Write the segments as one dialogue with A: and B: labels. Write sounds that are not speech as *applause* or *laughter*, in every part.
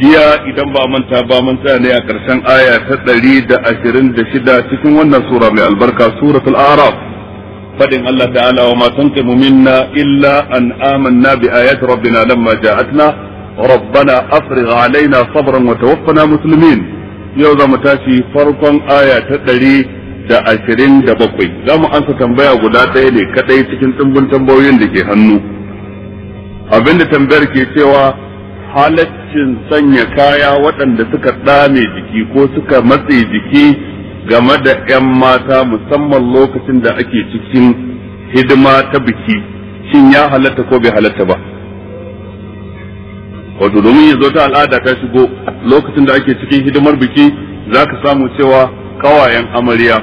A: biya idan ba manta ba mun ne a ƙarshen aya ta ɗari da ashirin da shida cikin wannan sura mai albarka suratul araf Faɗin Allah ta'ala wa matan tanqimu minna illa an amanna bi ayati rabbina lamma ja'atna rabbana afrigh alaina sabran wa tawaffana muslimin yau za mu tashi farkon aya ta ɗari da ashirin da bakwai zamu mu ansa tambaya guda ɗaya ne kaɗai cikin ɗimbin tambayoyin da ke hannu abinda tambayar ke cewa halaccin sanya kaya waɗanda suka ɗame jiki ko suka matse jiki game da 'yan mata musamman lokacin da ake cikin hidima ta biki shin ya halatta ko bai halatta ba wato domin ya zo ta al'ada ta shigo lokacin da ake cikin hidimar biki za ka samu cewa kawayen amarya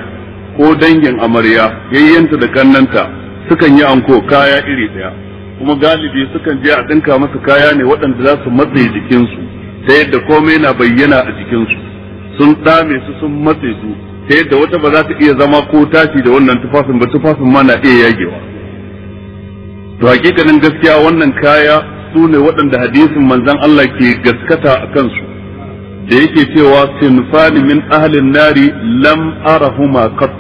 A: ko dangin amarya yayyanta da kannanta sukan yi anko kaya iri ɗaya kuma galibi sukan je a dinka masa kaya ne waɗanda za su matse jikinsu ta yadda komai na bayyana a jikinsu sun dame su sun matse su ta yadda wata ba za ta iya zama ko tashi da wannan tufafin ba tufafin ma na iya yagewa to hakikanin gaskiya wannan kaya su ne waɗanda hadisin manzan Allah ke gaskata a kansu da yake cewa sinfani min ahlin nari lam arahuma qat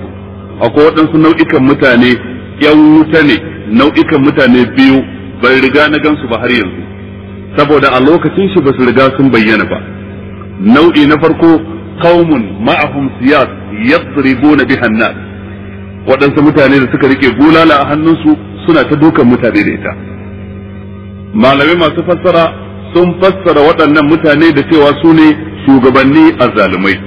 A: akwai waɗansu nau'ikan mutane yan wuta ne nau'ikan mutane biyu bai riga na gansu ba har yanzu saboda a lokacin shi ba su riga sun bayyana ba nau'i na farko qaumun ma'ahum siyas yadribuna bihan nas waɗansu mutane da suka rike bulala a hannunsu suna ta dukan mutane da ita malamai masu fassara sun fassara waɗannan mutane da cewa su ne shugabanni azzalumai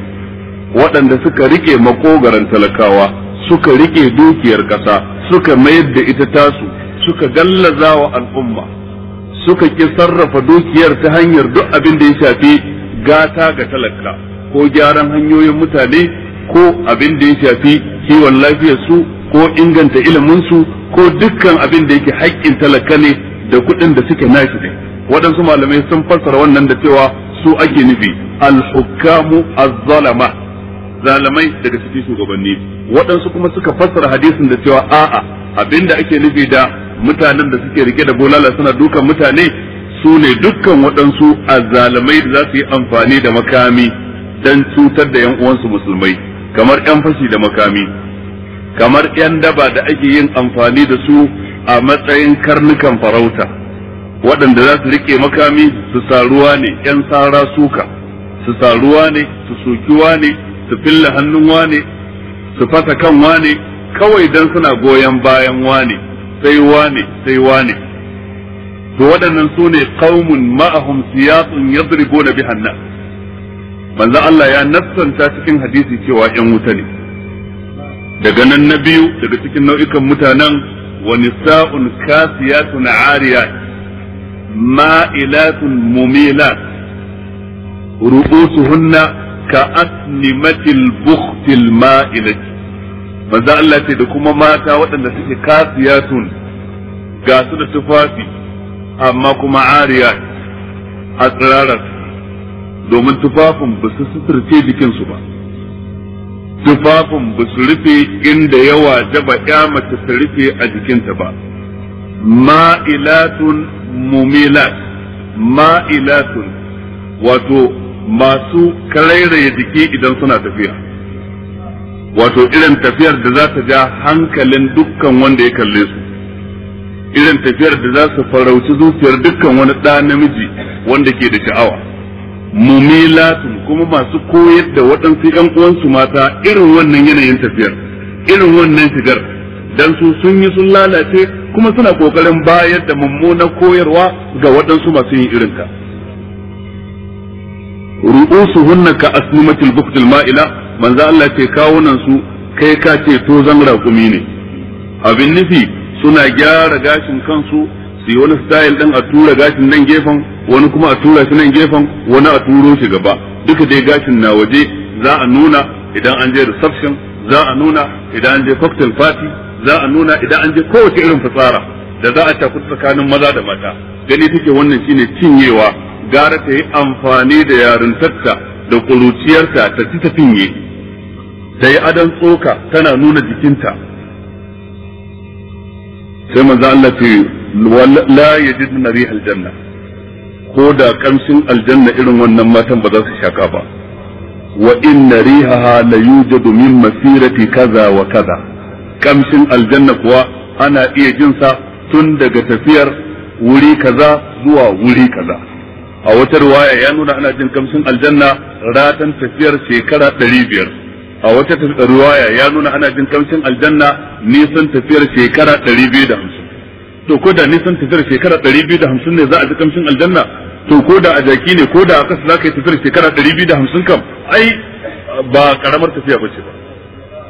A: waɗanda suka rike makogaran talakawa suka rike dukiyar ƙasa suka mayar da ita tasu suka gallaza wa al'umma suka ki sarrafa dukiyar ta hanyar duk abin da ya shafi gata ga talaka ko gyaran hanyoyin mutane ko abin da ya shafi kiwon lafiyarsu ko inganta iliminsu ko dukkan abin da yake haƙƙin talaka ne da kuɗin da suke nashi ne waɗansu malamai sun fassara wannan da cewa su ake nufi al-hukamu az-zalama zalamai daga cikin shugabanni waɗansu kuma suka fassara hadisin da cewa a'a abinda ake nufi da mutanen da suke rike da bolala suna dukan mutane su ne dukkan waɗansu a zalamai da za su yi amfani da makami don cutar da yan uwansu musulmai kamar yan fashi da makami kamar yan daba da ake yin amfani da su a matsayin karnukan farauta waɗanda za su rike makami su saruwa ne yan sara suka su saruwa ne su sokiwa ne su filla hannun wane su fasa kan wane kawai dan suna goyon bayan wane sai wane sai wane to waɗannan su ne qaumun ma'ahum siyasun yadribuna bihan nas manzo Allah ya nassanta cikin hadisi cewa 'yan wuta ne daga nan na biyu daga cikin nau'ikan mutanen wa nisa'un kasiyatun ariyat ma'ilatun mumilat ru'usuhunna ka asnimatil bukhtil ma'ilati manzo Allah ce da kuma mata waɗanda suke kasiyatun ga su da tufafi amma kuma ariya a tsirarar domin tufafin ba su jikinsu ba tufafin basu su rufe inda yawa jaba ya mace ta rufe a jikinta ba ma'ilatun mumilat ma'ilatun wato masu karairaye jiki idan suna tafiya wato irin tafiyar da za ta ja hankalin dukkan wanda ya kalle su irin tafiyar da za su farauci zuciyar dukkan wani ɗa namiji wanda ke da sha'awa mumilatun kuma masu koyar da waɗansu ƴan uwansu mata irin wannan yanayin tafiyar irin wannan shigar dan su sun yi sun lalace kuma suna ƙoƙarin bayar da mummuna koyarwa ga waɗansu masu yin irinta. hunna ka asnimatil buktil ma'ila manzo Allah ce kawunan su kai ka ce to zan raƙumi ne abin nufi suna gyara gashin kansu su yi wani style din a tura gashin nan gefen wani kuma a tura shi nan gefen wani a turo shi gaba duka dai gashin na waje za a nuna idan an je reception za a nuna idan an je cocktail party za a nuna idan an je kowace irin fitsara da za a tafi tsakanin maza da mata gani take wannan shine cinyewa gara ta yi amfani da yarintarta da ƙuruciyarta ta ci ta finye ta yi adon tsoka tana nuna jikinta sai manzo Allah ce la yajidna rihal aljanna, ko da kamshin aljanna irin wannan matan ba za su shaka ba wa inna rihaha la yujadu min masirati kaza wa kaza kamshin aljanna kuwa ana iya jin sa tun daga tafiyar wuri kaza zuwa wuri kaza a wata riwaya ya nuna ana jin kamshin aljanna ratan tafiyar shekara ɗari biyar a wata riwaya ya nuna ana jin kamshin aljanna nisan tafiyar shekara ɗari biyu da hamsin to ko da nisan tafiyar shekara ɗari biyu da hamsin ne za a ji kamshin aljanna to ko da a jaki ne ko da a kasa za ka yi tafiyar shekara ɗari biyu da hamsin kam ai ba karamar tafiya ba ce ba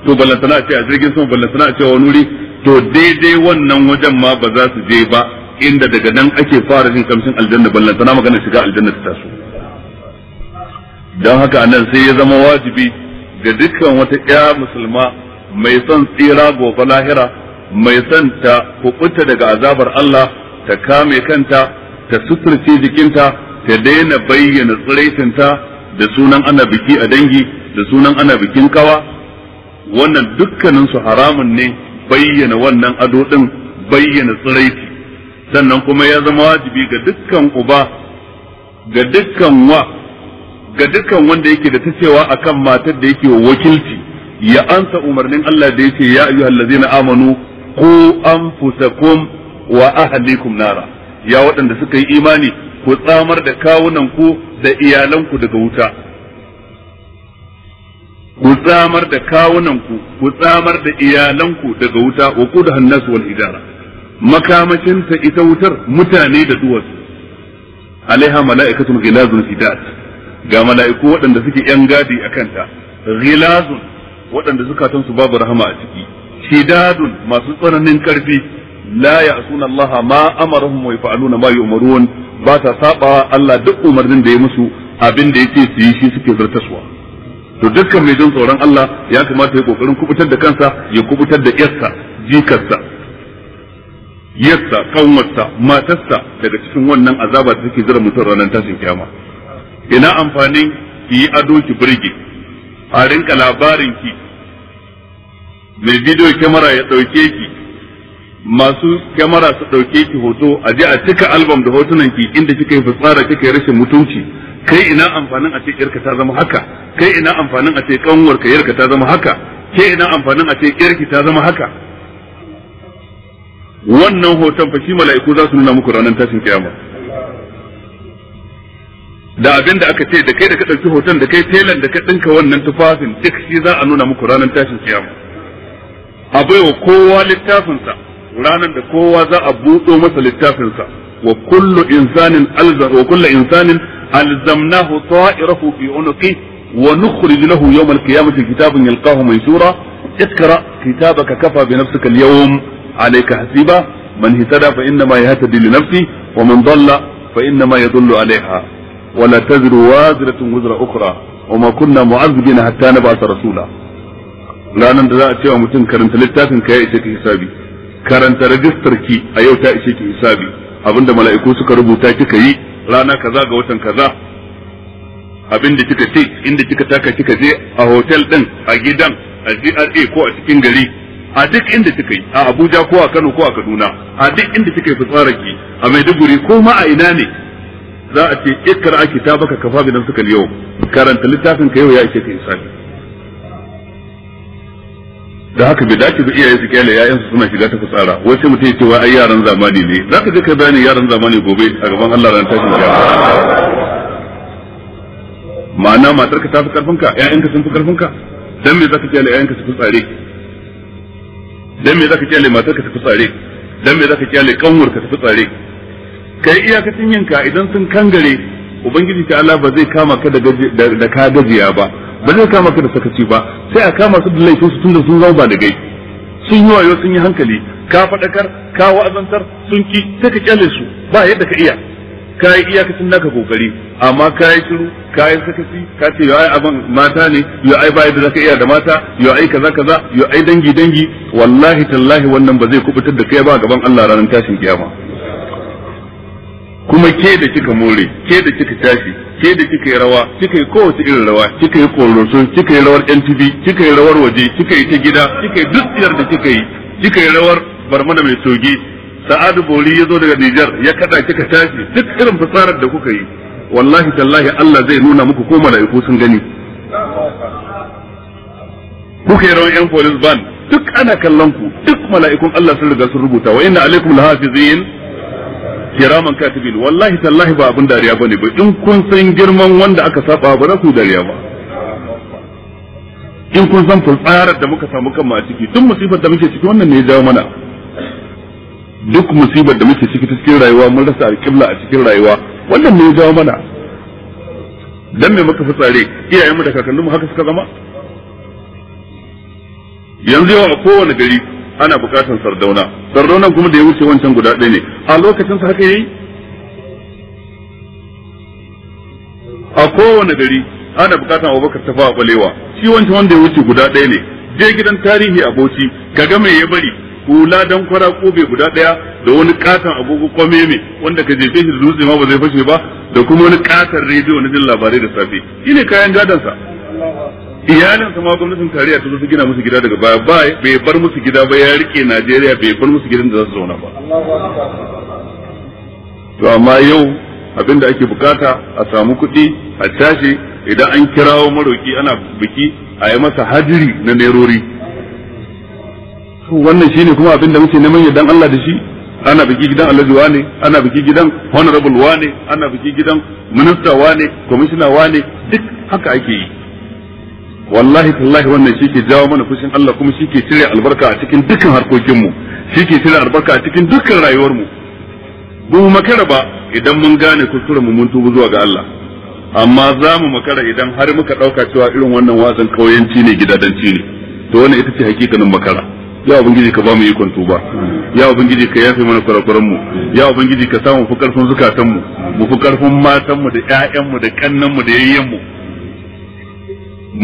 A: to ballantana a ce a jirgin sama ballantana a ce wani wuri to daidai wannan wajen ma ba za su je ba inda daga nan ake fara jin kamshin aljanna ballan tana magana shiga aljanna ta taso don haka anan sai ya zama wajibi ga dukkan wata ƴa musulma mai son tsira gobe lahira mai son ta kubuta daga azabar Allah ta kame kanta ta suturce jikinta ta daina bayyana tsiraitinta da sunan ana biki a dangi da sunan ana bikin kawa wannan dukkaninsu haramun ne bayyana wannan ado din bayyana tsiraiti sannan kuma ya zama wajibi ga dukkan uba ga dukkan wa ga dukkan wanda yake da ta cewa akan matar da yake wakilci ya ansa umarnin Allah da yake ya ayyuhal ladzina amanu ku anfusakum wa ahlikum nara ya waɗanda suka yi imani ku tsamar da kawunan ku da iyalanku daga wuta ku tsamar da kawunan ku ku tsamar da iyalanku daga wuta wa qudhan nas wal hijara makamashinta ita wutar mutane da duwatsu alaiha mala'ikatul ghilazun sidat ga mala'iku waɗanda suke yan gadi a kanta ghilazun waɗanda zukatan su babu rahama a ciki shidadun masu tsananin karfi la ya'suna allaha ma amaruhum wa yaf'aluna ma yu'marun ba ta saba Allah duk umarnin da ya musu abin da yake su yi shi suke zartaswa to dukkan mai jin tsoron Allah ya kamata ya kokarin kubutar da kansa ya kubutar da yarsa jikarsa yassa kanwarsa matarsa daga cikin wannan azaba da take jira mutum ranar tashin kiyama ina amfanin ki yi ado ki burge a rinka labarin ki mai bidiyo kyamara ya ɗauke ki masu kyamara su ɗauke ki hoto a je a cika albam da hotunan ki inda kika yi fitsara kika yi rashin mutunci kai ina amfanin a ce yarka ta zama haka kai ina amfanin a ce kanwarka yarka ta zama haka kai ina amfanin a ce yarki ta zama haka wannan hoton fa shi mala'iku za su nuna muku ranar tashin kiyama da abin da aka ce da kai da ka ɗauki hoton da kai telan da ka ɗinka wannan tufafin duk shi za a nuna muku ranar tashin kiyama a baiwa kowa littafinsa ranar da kowa za a buɗo masa littafinsa wa kullu insanin alzam wa kullu insanin alzamnahu ta'irahu fi unqi wa nukhrij lahu yawm al-qiyamati kitaban yalqahu mansura اقرأ كتابك كفى بنفسك اليوم Alaika hasiba man hitada fa inna ma yahtadi li nafsi wa man dalla fa inna ma yadullu alayha wa la taziru waziratun wizra ukhra wa ma kunna mu'azzibina hatta nab'atha rasula ranan da za a wa mutum karanta littafin ka ya ishe ki hisabi karanta rajistar ki a yau ta ishe ki hisabi abinda mala'iku suka rubuta kika yi rana kaza ga watan kaza abin da kika ce inda kika taka kika je a hotel ɗin, a gidan a GRA ko a cikin gari a duk inda kika yi a Abuja ko a Kano ko a Kaduna a duk inda kika yi ki a Maiduguri ko ma a ina ne za a ce ikra kitabaka kafa bi suka yau karanta littafin ka yau ya ake ka isa. da haka bai dace ba iyaye su kyale yayansu suna shiga ta fitsara wace mutum yake ce ai yaran zamani ne zaka je kai bayanin yaran zamani gobe a gaban Allah ran tashin kiyama ma'ana matarka ta fi karfinka ƴaƴanka sun fi karfinka dan me zaka kyale ƴaƴanka su fi tsare dan me zaka kyale matar ta fitsare dan me zaka kyale kanwar ka ta fitsare kai iyakacin yanka idan sun kangare ubangiji ta Allah ba zai kama ka da ka gajiya ba ba zai kama ka da sakaci ba sai a kama su da laifin su tunda sun zauba da gai sun yi wayo sun yi hankali ka faɗakar ka wa'azantar sun ki sai ka kyale su ba yadda ka iya ka yi iyakacin naka kokari amma ka shiru ka yi sakaci ka ce yo ai abin mata ne yo ai bai da zaka iya da mata yo ai kaza kaza yo ai dangi dangi wallahi tallahi wannan ba zai kubutar da kai ba gaban Allah ranar tashin kiyama kuma ke da kika more ke da kika tashi ke da kika yi rawa kika yi kowace irin rawa kika yi koroso kika yi rawar NTV kika yi rawar waje kika yi ta gida kika yi duk da kika yi kika yi rawar barmana mai soge. Sa'ad bori ya zo daga Nijar ya kada kika tashi duk irin fasarar da kuka yi wallahi tallahi Allah zai nuna muku ko mala'iku sun gani kuka yi rawan yan police ban duk ana kallon ku duk mala'ikun Allah sun riga sun rubuta wa inna alaikum lahafizin kiraman katibin wallahi tallahi ba abin dariya bane ba in kun san girman wanda aka saba ba za ku dariya ba in kun san fulsarar da muka samu kanmu a ciki duk musibar da muke ciki wannan ne ya jawo mana duk musibar da muke ciki cikin rayuwa mun rasa alƙibla a cikin rayuwa wannan ne ya jawo mana dan me muka fitsare iyayen mu da kakannin mu haka suka zama yanzu yau a kowane gari ana bukatan sardauna sardaunan kuma da ya wuce wancan guda ɗaya ne a lokacin sa haka yayi a kowane gari ana bukatan abubakar tafa a balewa shi wancan wanda ya wuce guda ɗaya ne je gidan tarihi a bauchi kaga me ya bari hula dan kwara kobe guda daya da wani katon agogo kwame me wanda ka jefe shi da dutse ma ba zai fashe ba da kuma wani katon rediyo na jin labarai da safe ne kayan gadansa iyalinsa ma gwamnatin tarayya ta su gina musu gida daga baya ba bai bar musu gida ba ya rike Najeriya bai bar musu gidan da za su zauna ba to amma yau abin da ake bukata a samu kuɗi a tashi idan an kirawo maroki ana biki a yi masa hajiri na nerori wannan shine kuma abin da muke neman yardan Allah da shi ana biki gidan Allah wane ana biki gidan honorable wane ana biki gidan minister wane commissioner wane duk haka ake yi wallahi tallahi wannan shi ke jawo mana kushin Allah kuma shi ke cire albarka a cikin dukkan harkokinmu shi ke cire albarka a cikin dukkan rayuwarmu mu mu makara ba idan mun gane kuskuren mu mun tubu zuwa ga Allah amma za mu makara idan har muka ɗauka cewa irin wannan wazan kauyanci ne gidadanci ne to wannan ita ce hakikanin makara ya ubangiji ka ba mu ikon tuba ya ubangiji ka yafe mana kurakuran mu ya ubangiji ka samu fi karfin zukatan mu mu fi karfin matan mu da ƴaƴan mu da kannan mu da yayyen mu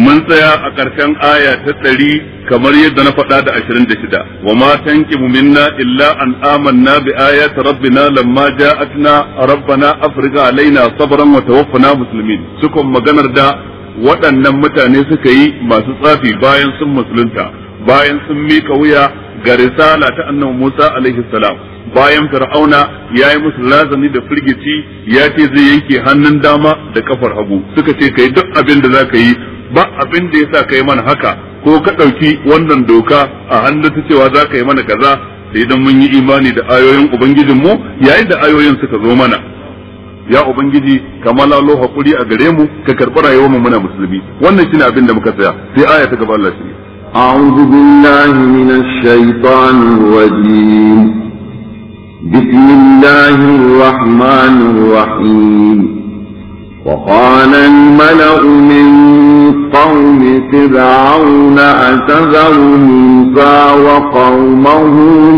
A: mun tsaya a ƙarshen aya ta ɗari kamar yadda na faɗa da ashirin da shida wa ma mu minna illa an amanna bi ayati rabbina lamma ja'atna rabbana afrika alaina sabran wa tawaffana muslimin sukan maganar da waɗannan mutane suka yi masu tsafi bayan sun musulunta bayan sun mika wuya ga risala ta annabi Musa alaihi salam bayan fir'auna ya yi musu lazani da firgici ya ce zai yanke hannun dama da kafar hagu suka ce kai duk abin da za yi ba abin da ya sa ka yi mana haka ko ka ɗauki wannan doka a hannun ta cewa zaka yi mana kaza sai dan mun yi imani da ayoyin ubangijinmu yayin da ayoyin suka zo mana ya ubangiji kama lalo hakuri a gare mu ka karɓi rayuwar mu muna musulmi wannan shine abin da muka tsaya sai aya ta gaba Allah shi أعوذ بالله من الشيطان الرجيم
B: بسم الله الرحمن الرحيم وقال الملأ من قوم فرعون أتذر موسى وقومه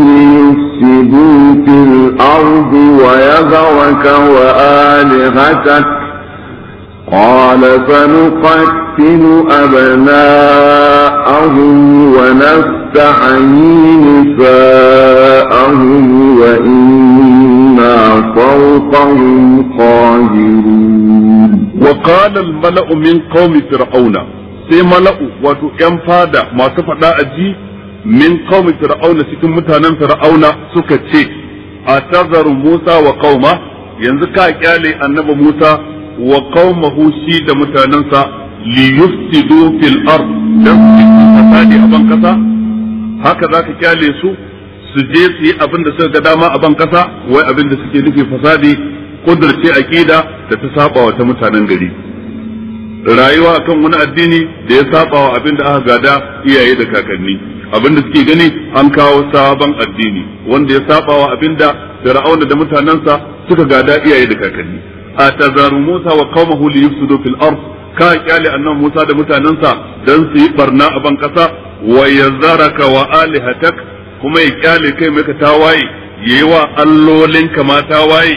B: ليفسدوا في الأرض ويذرك وآلهتك قال فنقتل نقتل أبناءهم ونستحيي نساءهم
A: وإنا فوقهم قاهرون وقال الملأ من قوم فرعون sai mala'u wato ‘yan fada masu faɗa ji min kawai fir'auna cikin mutanen fir'auna suka ce a tazaru Musa wa kauma yanzu ka kyale annaba Musa wa kaumahu shi da mutanensa li yufsidu fil ard dan su fasadi a ban kasa haka zaka kyale su su je su yi abin da suka ga dama a ban kasa wai abin da suke nufi fasadi kudurce aqida da ta saba wa ta mutanen gari rayuwa akan wani addini da ya saba wa abin da aka gada iyaye da kakanni abin da suke gani an kawo sabon addini wanda ya saba wa abin da fir'auna da mutanensa suka gada iyaye da kakanni a tazaru musa wa qaumahu li yufsidu fil ard ka kyale annabi Musa da mutanensa dan su yi barna a ban kasa wa yazaraka wa alihatak kuma ya kyale kai maka tawaye yayi wa allolin kama tawaye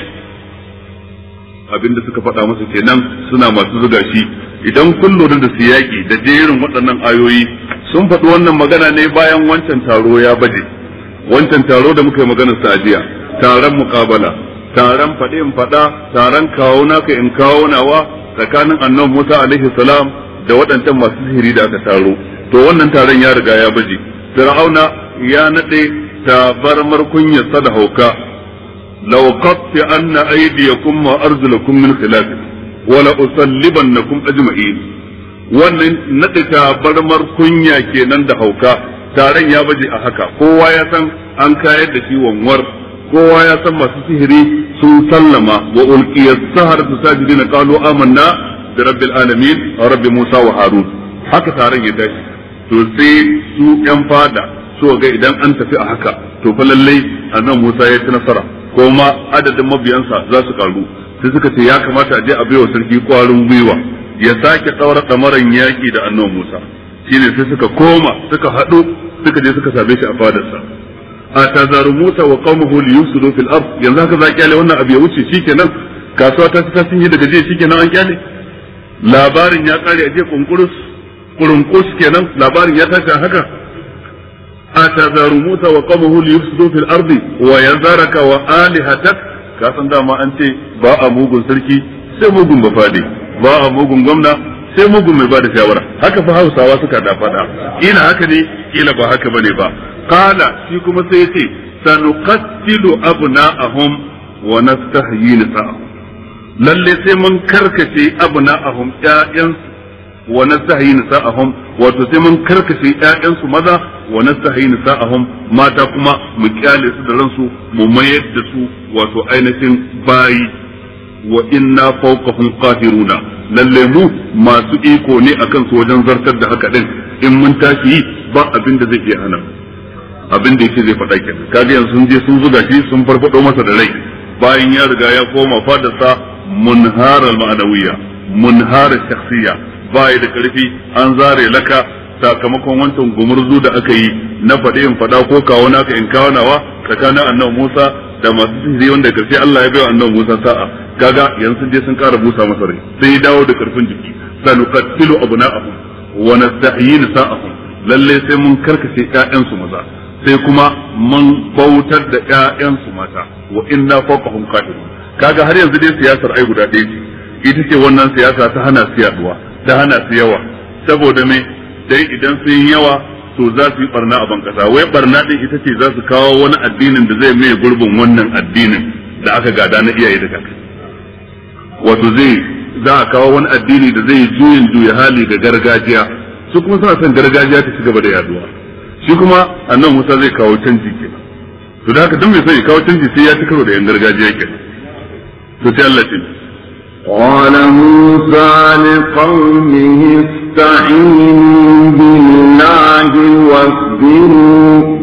A: abinda suka faɗa masa kenan suna masu zuga shi idan kun da su yaki da jerin waɗannan ayoyi sun faɗi wannan magana ne bayan wancan taro ya baje wancan taro da muka yi maganar sa'adiya jiya taron muƙabala taron faɗi in faɗa taron kawuna ka in kawo nawa tsakanin annabi Musa alaihi salam da waɗancan masu sihiri da aka taro to wannan taron ya riga ya baje fir'auna ya nade tabarmar kunyarsa da hauka law qatta anna aydiyakum wa arjulakum min khilaf wa la usallibannakum ajma'in wannan nade tabarmar kunya kenan da hauka taron ya baje a haka kowa ya san an kayar da shi wanwar kowa ya san masu sihiri sun sallama wa ulqiyas saharatu na qalu amanna bi rabbil alamin rabbi musa wa harun haka taron ya tashi to sai su yan fada so ga idan an tafi a haka to fa lalle annabi musa ya ci nasara ma adadin mabiyansa za su karu sai suka ce ya kamata a je a baiwa sarki kwarin gwiwa ya sake daura kamaran yaki da annabi musa shine sai suka koma suka haɗu suka je suka same shi a fadarsa atazaru Musa wa qaumuhu li yufsidu fil ard yanzu haka za kyale wannan abu ya wuce shikenan kasuwa ta ta sun yi daga jiya shikenan an kyale labarin ya kare a je kunkurus kurunkus kenan labarin ya tashi haka atazaru Musa wa qaumuhu li yufsidu fil ard wa yazaraka wa alihatak ka san ma an ce ba a mugun sarki sai mugun bafade ba a mugun gwamna sai mugun mai ba da shawara haka fa hausawa suka da faɗa Ina haka ne ila ba haka bane ba qala shi kuma sai yace sanuqattilu abna'ahum wa nastahyi nisa'ahum lalle sai mun karkace abna'ahum ƴaƴan wa nastahyi nisa'ahum wato sai mun karkace ƴaƴan su maza wa nastahyi nisa'ahum mata kuma mu kyale su da ransu mu mayar da su wato ainihin bayi wa inna lalle mu masu iko ne akan su wajen zartar da haka din in mun tashi ba abin da zai iya hana abin da yake zai faɗa ke kaga yanzu sun je sun zuga shi sun farfado masa da rai bayan ya riga ya koma fadarsa munhar al-ma'nawiyya munhar shakhsiyya bai da karfi an zare laka sakamakon wancan gumurzu da aka yi na faɗe in faɗa ko kawo ka in kawo nawa tsakanin annabi Musa da masu sihiri wanda karshe Allah ya bai annabi Musa sa'a kaga yanzu sun sun ƙara busa masa rai sai dawo da karfin jiki sanuqattilu abna'ahum wa nastahyin sa'ahum lalle sai mun karkace ƴaƴansu maza sai kuma mun bautar da ƴaƴansu mata wa inna fawqahum qadirun kaga har yanzu dai siyasar ai guda ɗaya ita ce wannan siyasa ta hana su yaduwa ta hana su yawa saboda me dai idan sun yi yawa to za su yi barna a bankasa wai barna din ita ce za su kawo wani addinin da zai mai gurbin wannan addinin da aka gada na iyaye da kakai wato zai za a kawo wani addini da zai juyin juya hali ga gargajiya su kuma suna son gargajiya ta ci gaba da yaduwa shi kuma annan Musa zai kawo canji ke to da haka dan mai sai kawo canji sai ya ci karo da yan gargajiya ke. to sai Allah ce قال موسى
B: لقومه استعينوا بالله واصبروا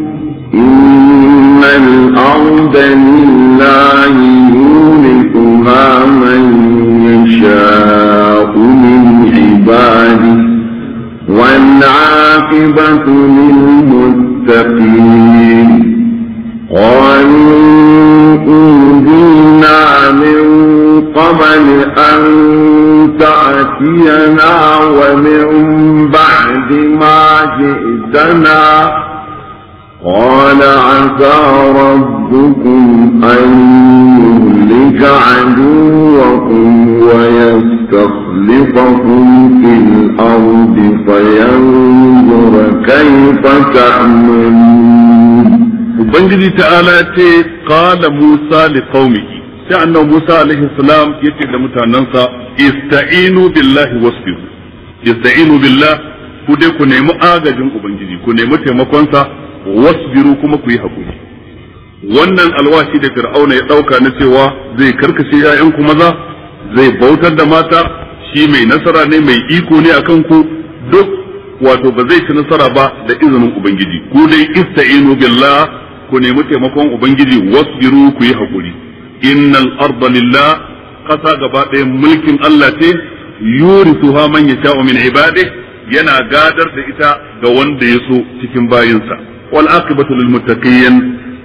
B: إن الأرض لله يورثها من يشاء من عباده والعاقبة للمتقين قالوا أوذينا من قبل أن تأتينا ومن بعد ما جئتنا قال عسى ربكم أن يهلك عدوكم ويسر يستخلفكم في الأرض فينظر كيف
A: تعملون Ubangiji ta'ala ce qala Musa li qaumihi sai annabi Musa alaihi salam yace da mutanansa ista'inu billahi wasbiru ista'inu billah ku dai ku nemi agajin ubangiji ku nemi taimakonsa wasbiru kuma ku yi hakuri wannan alwashi da Fir'auna ya ɗauka na cewa zai karkace 'ya'yanku maza zai bautar da mata shi mai nasara ne mai iko ne akan ku duk wato ba zai ci nasara ba da izinin ubangiji ku dai ista'inu billah ku nemi taimakon ubangiji wasbiru ku yi hakuri innal arda lillah kasa gaba ɗaya mulkin Allah ce yurisuha man yasha'u min ibadi yana gadar da ita ga wanda ya so cikin bayinsa wal aqibatu lil muttaqin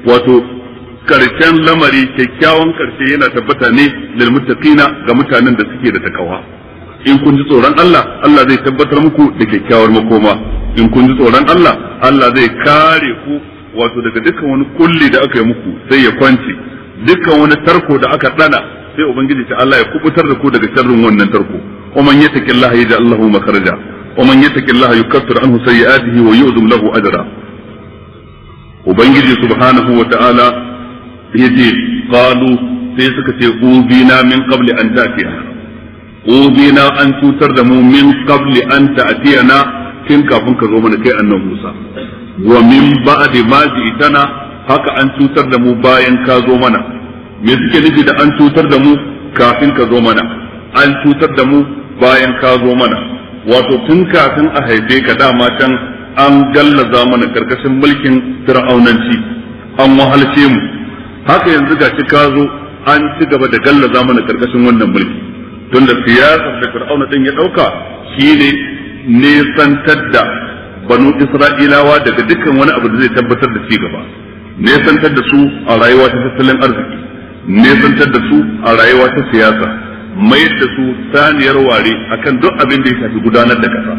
A: wato karshen lamari kyakkyawan karshe yana tabbata ne lil ga mutanen da suke da takawa in kun ji tsoron Allah Allah zai tabbatar muku da kyakkyawar makoma in kun ji tsoron Allah Allah zai kare ku wato daga dukkan wani kulli da aka yi muku sai ya kwance dukkan wani tarko da aka dana sai ubangiji ta Allah ya kubutar da ku daga sharrin wannan tarko ومن يتق الله يجعل له مخرجا ومن يتق الله يكفر عنه wa ويؤذم له اجرا ubangiji subhanahu wa ta'ala yace qalu sai suka ce gobina min qabli an ta'tiyana gobina an tutar da mu min qabli an na tun kafin ka zo mana kai annabi Musa wa min ba'di ma ji'tana haka an tutar da mu bayan ka zo mana me suke nufi da an tutar da mu kafin ka zo mana an tutar da mu bayan ka zo mana wato tun kafin a haife ka dama can an gallaza mana karkashin mulkin fir'aunanci an wahalce mu haka yanzu ga ka zo an ci gaba da galla mana karkashin wannan mulki tunda siyasar da fir'auna din ya dauka shine nesantar da banu isra'ilawa daga dukkan wani abu da zai tabbatar da ci gaba nesantar da su a rayuwa ta tattalin arziki nesantar da su a rayuwa ta siyasa mayar da su saniyar ware akan duk abin da ya shafi gudanar da kasa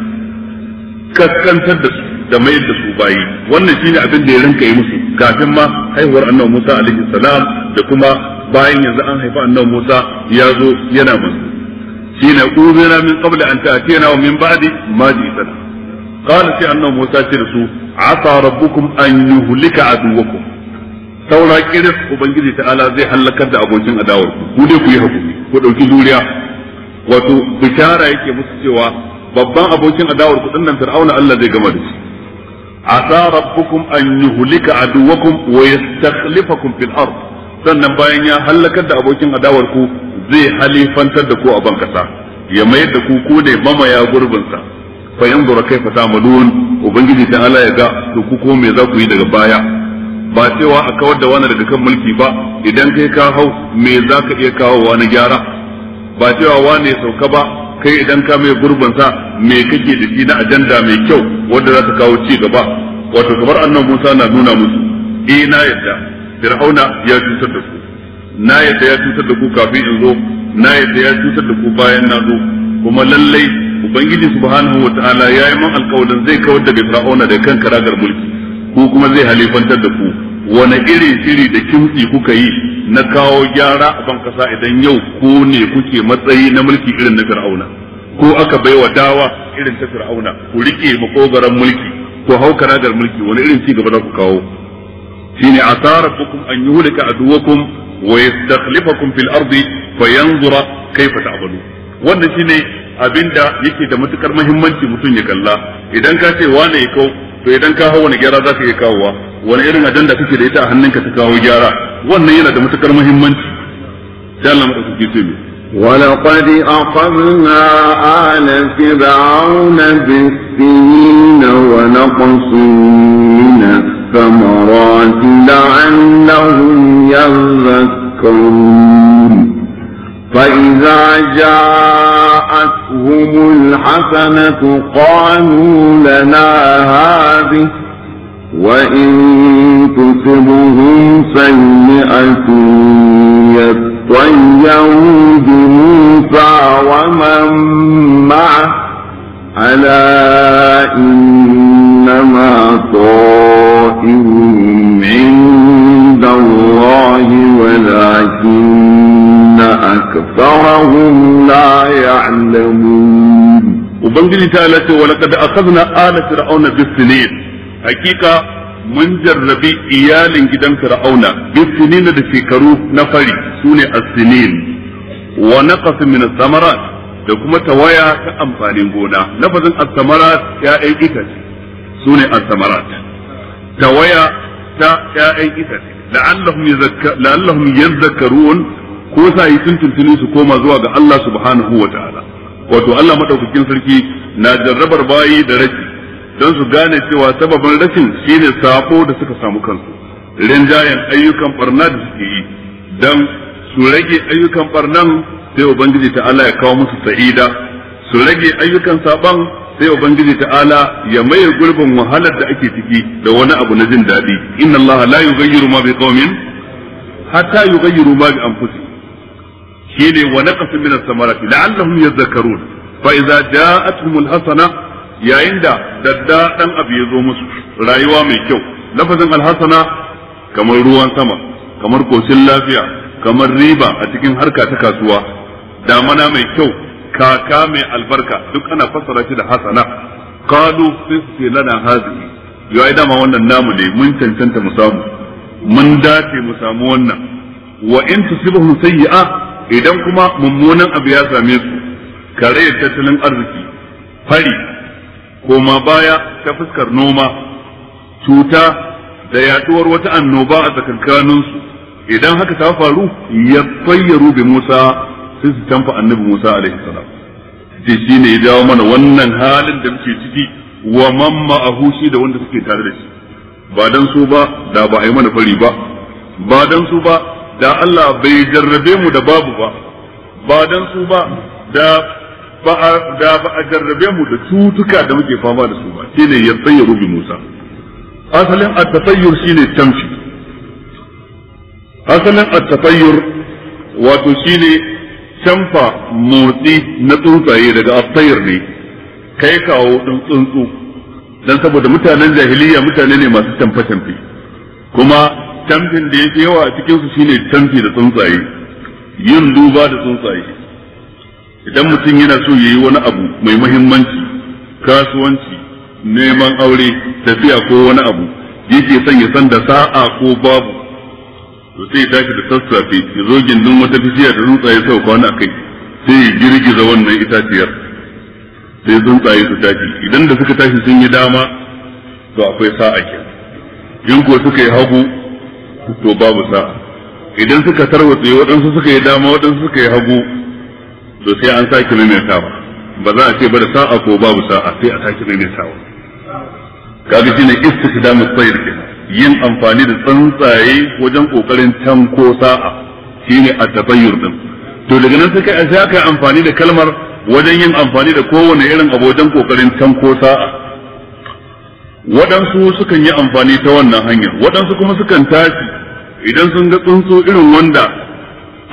A: kaskantar da su da mayar da su bayi wannan shine abin da ya rinka yi musu kafin ma haihuwar annabi Musa alaihi salam da kuma bayan yanzu an haifa annabi Musa ya zo yana manzo shine ubira min qabla an ta'tiyana wa min ba'di ma ji'tana qala sai annabi Musa ce da su asa rabbukum an yuhlika aduwakum saura kiris ubangiji ala zai halakar da abokin adawar ku dai ku yi hakuri ku dauki juriya wato bishara yake musu cewa babban abokin adawar ku dinnan fir'auna Allah zai gama da shi asa rabbukum an hulika aduwakum wa yastakhlifakum fil ard sannan bayan ya hallakar da abokin adawar ku zai halifantar da ku a bankasa ya mayar da ku ko ne mamaya gurbin sa fa yanzura kaifa ta'malun ubangiji dan Allah ya ga to ku ko me za ku yi daga baya ba cewa a kawar da wani daga kan mulki ba idan kai ka hau me za ka iya kawowa na gyara ba cewa ya sauka ba kai idan ka mai gurbin sa me kake da shi na ajanda mai kyau wanda za ta kawo ci gaba wato kamar annan Musa na nuna musu eh na yadda Fir'auna ya cutar da ku na yadda ya cutar da ku kafin in zo na yadda ya cutar da ku bayan na zo kuma lallai ubangiji subhanahu wataala ya yi man alƙawarin zai kawar da Fir'auna da kan karagar mulki ku kuma zai halifantar da ku wani irin shiri da kimtsi kuka yi na kawo gyara a ban kasa idan yau ko ne kuke matsayi na mulki irin na fir'auna ko aka baiwa dawa irin ta fir'auna ku rike makogaran mulki ko hau karagar mulki wani irin ci gaba za ku kawo shine asara bukum an yi yuhlika aduwakum wa yastakhlifakum fil ardi fayanzura kayfa ta'malu wannan shine abinda yake da matukar muhimmanci mutum ya kalla idan ka ce wane ya kawo to idan ka hau wani gyara za ka iya kawowa wani irin ajanda kake da ita a hannunka ta kawo gyara wannan yana da matukar muhimmanci sai Allah madaukaki ce mai ولقد أخذنا
B: آل فرعون بالسنين ونقص من الثمرات لعلهم يذكرون فإذا جاء تأتيهم الحسنة قالوا لنا هذه وإن تصبهم سيئة يطيروا بموسى ومن معه ألا إنما طائر عند الله
A: ولكن أكثرهم لا يعلمون وبنجلي تعالى ولقد أخذنا آل فرعون بالسنين حقيقة من جرب إيال جدا فرعون بالسنين لشيكرو نفري سوني السنين ونقص من الثمرات da kuma tawaya ta amfanin gona lafazin as-samarat ya'yan itace sune as-samarat tawaya ta ya'yan itace la'allahum yadhakkarun ko sa yi tuntuntuni su koma zuwa ga Allah subhanahu wa ta'ala wato Allah madaukakin sarki na jarrabar bayi da raki don su gane cewa sababin rashin shine sako da suka samu kansu rinjayen ayyukan barna da suke yi don su rage ayyukan barnan sai ubangiji ta'ala ya kawo musu sa'ida su rage ayyukan saban sai ubangiji ta'ala ya maye gurbin wahalar da ake ciki da wani abu na jin daɗi inna allaha la yughayyiru ma biqaumin hatta yughayyiru ma bi anfusihim shine wa naqasu min as-samarati la'allahum yadhakkarun fa idza ja'atuhum al-hasana yayin da dan abu ya zo musu rayuwa mai kyau lafazin al-hasana kamar ruwan sama kamar kosin lafiya kamar riba a cikin harka ta kasuwa damana mai kyau kaka mai albarka duk ana fassara shi da hasana qalu fi lana hadhihi Ya'yi, dama wannan namu ne mun cancanta mu samu mun dace mu samu wannan wa in tusibahum sayyi'a idan kuma mummunan abu ya same su karayar tattalin arziki fari koma baya ta fuskar noma cuta da yaduwar wata annoba a tsakankaninsu idan haka ta faru ya fayyaru bi Musa sai su canfa annabi Musa alaihi salam ce shi ne ya jawo mana wannan halin da muke ciki wa mamma shi da wanda suke tare da shi ba dan su ba da ba a yi mana fari ba ba dan su ba da Allah bai jarrabe mu da babu ba ba dan su ba da ba da ba a jarrabe mu da cutuka da muke fama da su ba shine ya tsayyaru bi Musa asalin at-tafayyur shine tamfi asalin at-tafayyur wato shine canfa motsi na tsuntsaye daga at ne kai kawo dan tsuntsu dan saboda mutanen jahiliya mutane ne masu canfa-canfi kuma tamfin da yake yawa a cikin shine tamfi da tsuntsaye yin duba da tsuntsaye idan mutum yana so ya yi wani abu mai muhimmanci kasuwanci neman aure tafiya ko wani abu yake son ya san da sa'a ko babu to sai ya tashi da sassafe ya zo gindin wata bishiya da tsuntsaye sau kwana kai sai ya girgiza wannan itaciyar sai tsuntsaye su tashi idan da suka tashi sun yi dama to akwai sa'a ke in ko suka yi hagu to babu sa'a idan suka tarwatse waɗansu suka yi dama waɗansu suka yi hagu to sai an sake maimaitawa ba za a ce ba da sa'a ko babu sa'a sai a sake maimaitawa kaga shine istikdamu sayr kenan yin amfani da tsuntsaye wajen kokarin tanko sa'a shine at-tabayyur din to daga nan sai kai sai aka amfani da kalmar wajen yin amfani da kowane irin abu wajen kokarin tanko sa'a waɗansu sukan yi amfani ta wannan hanyar waɗansu kuma sukan tashi idan sun ga tsuntsu irin wanda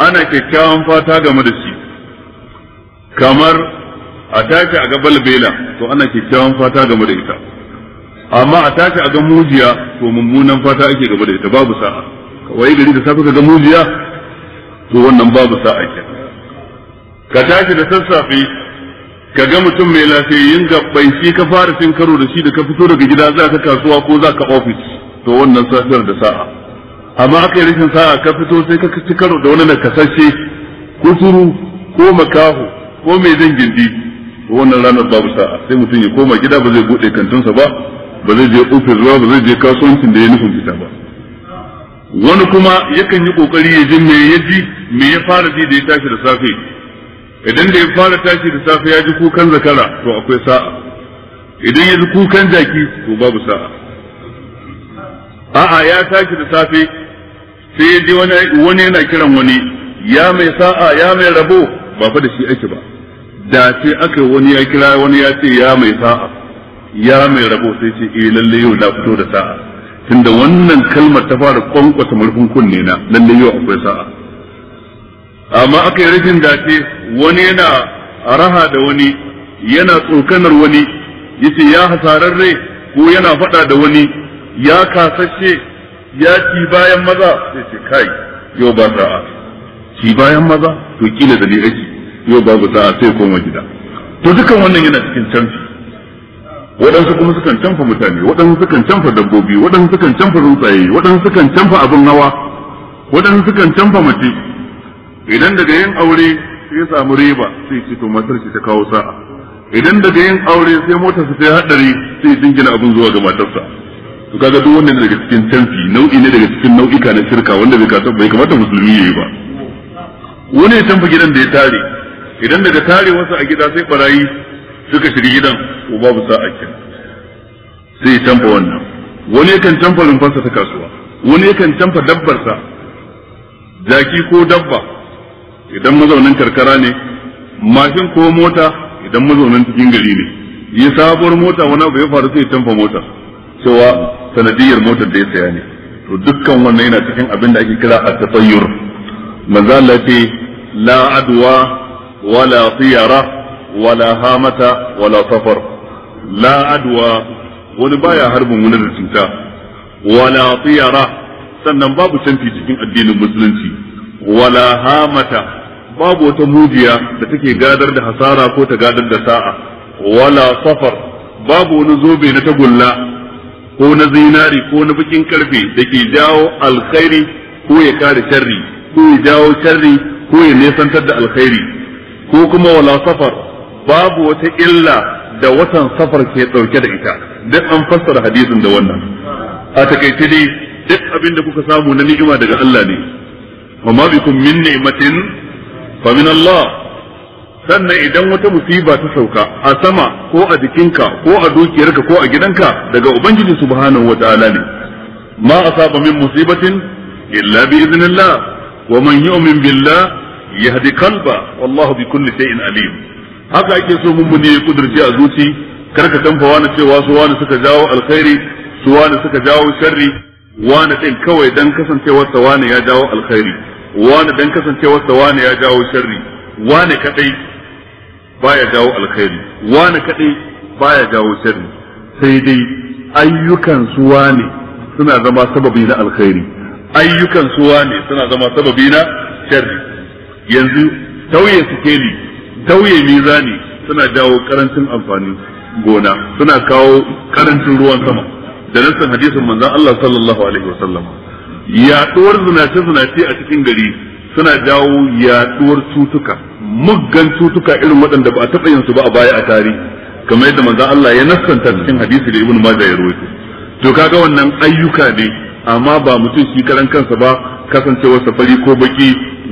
A: ana kyakkyawan fata game da shi kamar a tashi a ga balbela to ana kyakkyawan fata game da ita amma a tashi a ga mujiya to mummunan fata ake game da ita babu sa'a kawai gari da safe ka ga mujiya to wannan babu sa'a ke ka tashi da sassafe ka ga mutum mai lafiyayyin gabbai shi ka fara cin karo da shi da ka fito daga gida za ka kasuwa ko za ka ofis to wannan safiyar da sa'a amma aka yi rashin sa'a ka fito sai ka ci karo da wani nakasashe kuturu ko makaho ko mai zan gindi wannan ranar babu sa'a sai mutum ya koma gida ba zai bude kantinsa ba ba zai je ofis ba ba zai je kasuwancin da ya nufin fita ba wani kuma yakan yi kokari ya ji me ya ji me ya fara ji da ya tashi da safe idan da ya fara tashi da safe ya ji kukan zakara to akwai sa'a idan ya ji kukan jaki to babu sa'a a'a ya tashi da safe sai ya je wani yana kiran wani ya mai sa'a ya mai rabo ba fa da shi ake ba da ce aka wani ya kira wani ya ce ya mai sa'a ya mai rabo sai ce eh lalle yau na fito da sa'a tunda wannan kalmar ta fara kwankwata murfin kunne na lalle yau akwai sa'a amma aka yi rashin dace wani yana raha da wani yana tsokanar wani yace ya hasararre ko yana faɗa da wani ya kasashe ya ci bayan maza sai ce kai yau ba sa'a ci bayan maza to kila da ni aiki yau ku sa'a sai koma gida to dukan wannan yana cikin canfi waɗansu kuma sukan canfa mutane waɗansu sukan canfa dabbobi waɗansu sukan canfa tsuntsaye waɗansu sukan canfa abin hawa waɗansu sukan canfa mace idan daga yin aure sai ya samu riba sai ce to matar ta kawo sa'a idan daga yin aure sai motarsa ta yi haɗari sai jingina abin zuwa ga matarsa to kaga duk wannan daga cikin canfi nau'i ne daga cikin nau'ika na shirka wanda bai kasa bai kamata musulmi yayi ba wani ya canfa gidan da ya tare idan daga tare wasu a gida sai barayi suka shiri gidan ko babu sa'a kin sai ya canfa wannan wani yakan canfa rumfarsa ta kasuwa wani yakan canfa dabbarsa jaki ko dabba idan mazaunin karkara ne mashin ko mota idan mazaunin cikin gari ne ya sabuwar mota wani abu ya faru sai ya canfa motar cewa sanadiyar motar da ya saya ne to dukkan wannan yana cikin abin da ake kira at-tasayyur manzo Allah ce la adwa wala tiyara wala hamata wala safar la adwa wani baya harbin wani da cuta wala tiyara sannan babu canfi cikin addinin musulunci wala hamata babu wata mujiya da take gadar da hasara ko ta gadar da sa'a wala safar babu wani zobe na tagulla ko na zinari ko na bikin karfe da ke jawo alkhairi ko ya kare sharri ko ya jawo sharri ko ya nesantar da alkhairi ko kuma wala safar babu wata illa da watan safar ke dauke da ita duk an fassara hadisin da wannan a takaice dai duk abin da kuka samu na ni'ima daga Allah ne amma bikum min ni'matin fa min Allah sannan idan wata musiba ta sauka a sama ko a jikinka ko a dukiyarka ko a gidanka daga ubangiji subhanahu wataala ne ma asaba min musibatin illa bi idnillah wa man yu'min billah yahdi qalba wallahu bi kulli shay'in alim haka ake so mun ne kudurci a zuci karka tamfa wani cewa su wani suka jawo alkhairi su wani suka jawo sharri wani din kawai dan kasancewar sa wani ya jawo alkhairi wani dan kasancewar sa wani ya jawo sharri wani kadai baya jawo alkhairi wani kadai baya jawo sharri sai dai ayyukan su wani suna zama sababi na alkhairi ayyukan su wani suna zama sababi na sharri yanzu tauye sikeli tauye mizani suna jawo karancin amfani gona suna kawo karancin ruwan sama da nassan hadisin manzon Allah sallallahu alaihi wasallam yaduwar zinace zinace a cikin gari suna jawo yaduwar cutuka muggan cutuka irin waɗanda ba a taɓa yin su ba a baya a tarihi kamar yadda manzon Allah ya nassanta cikin hadisi da Ibn Majah ya rawaito to kaga wannan ayyuka ne amma ba mutum shi karan kansa ba kasancewar safari ko baki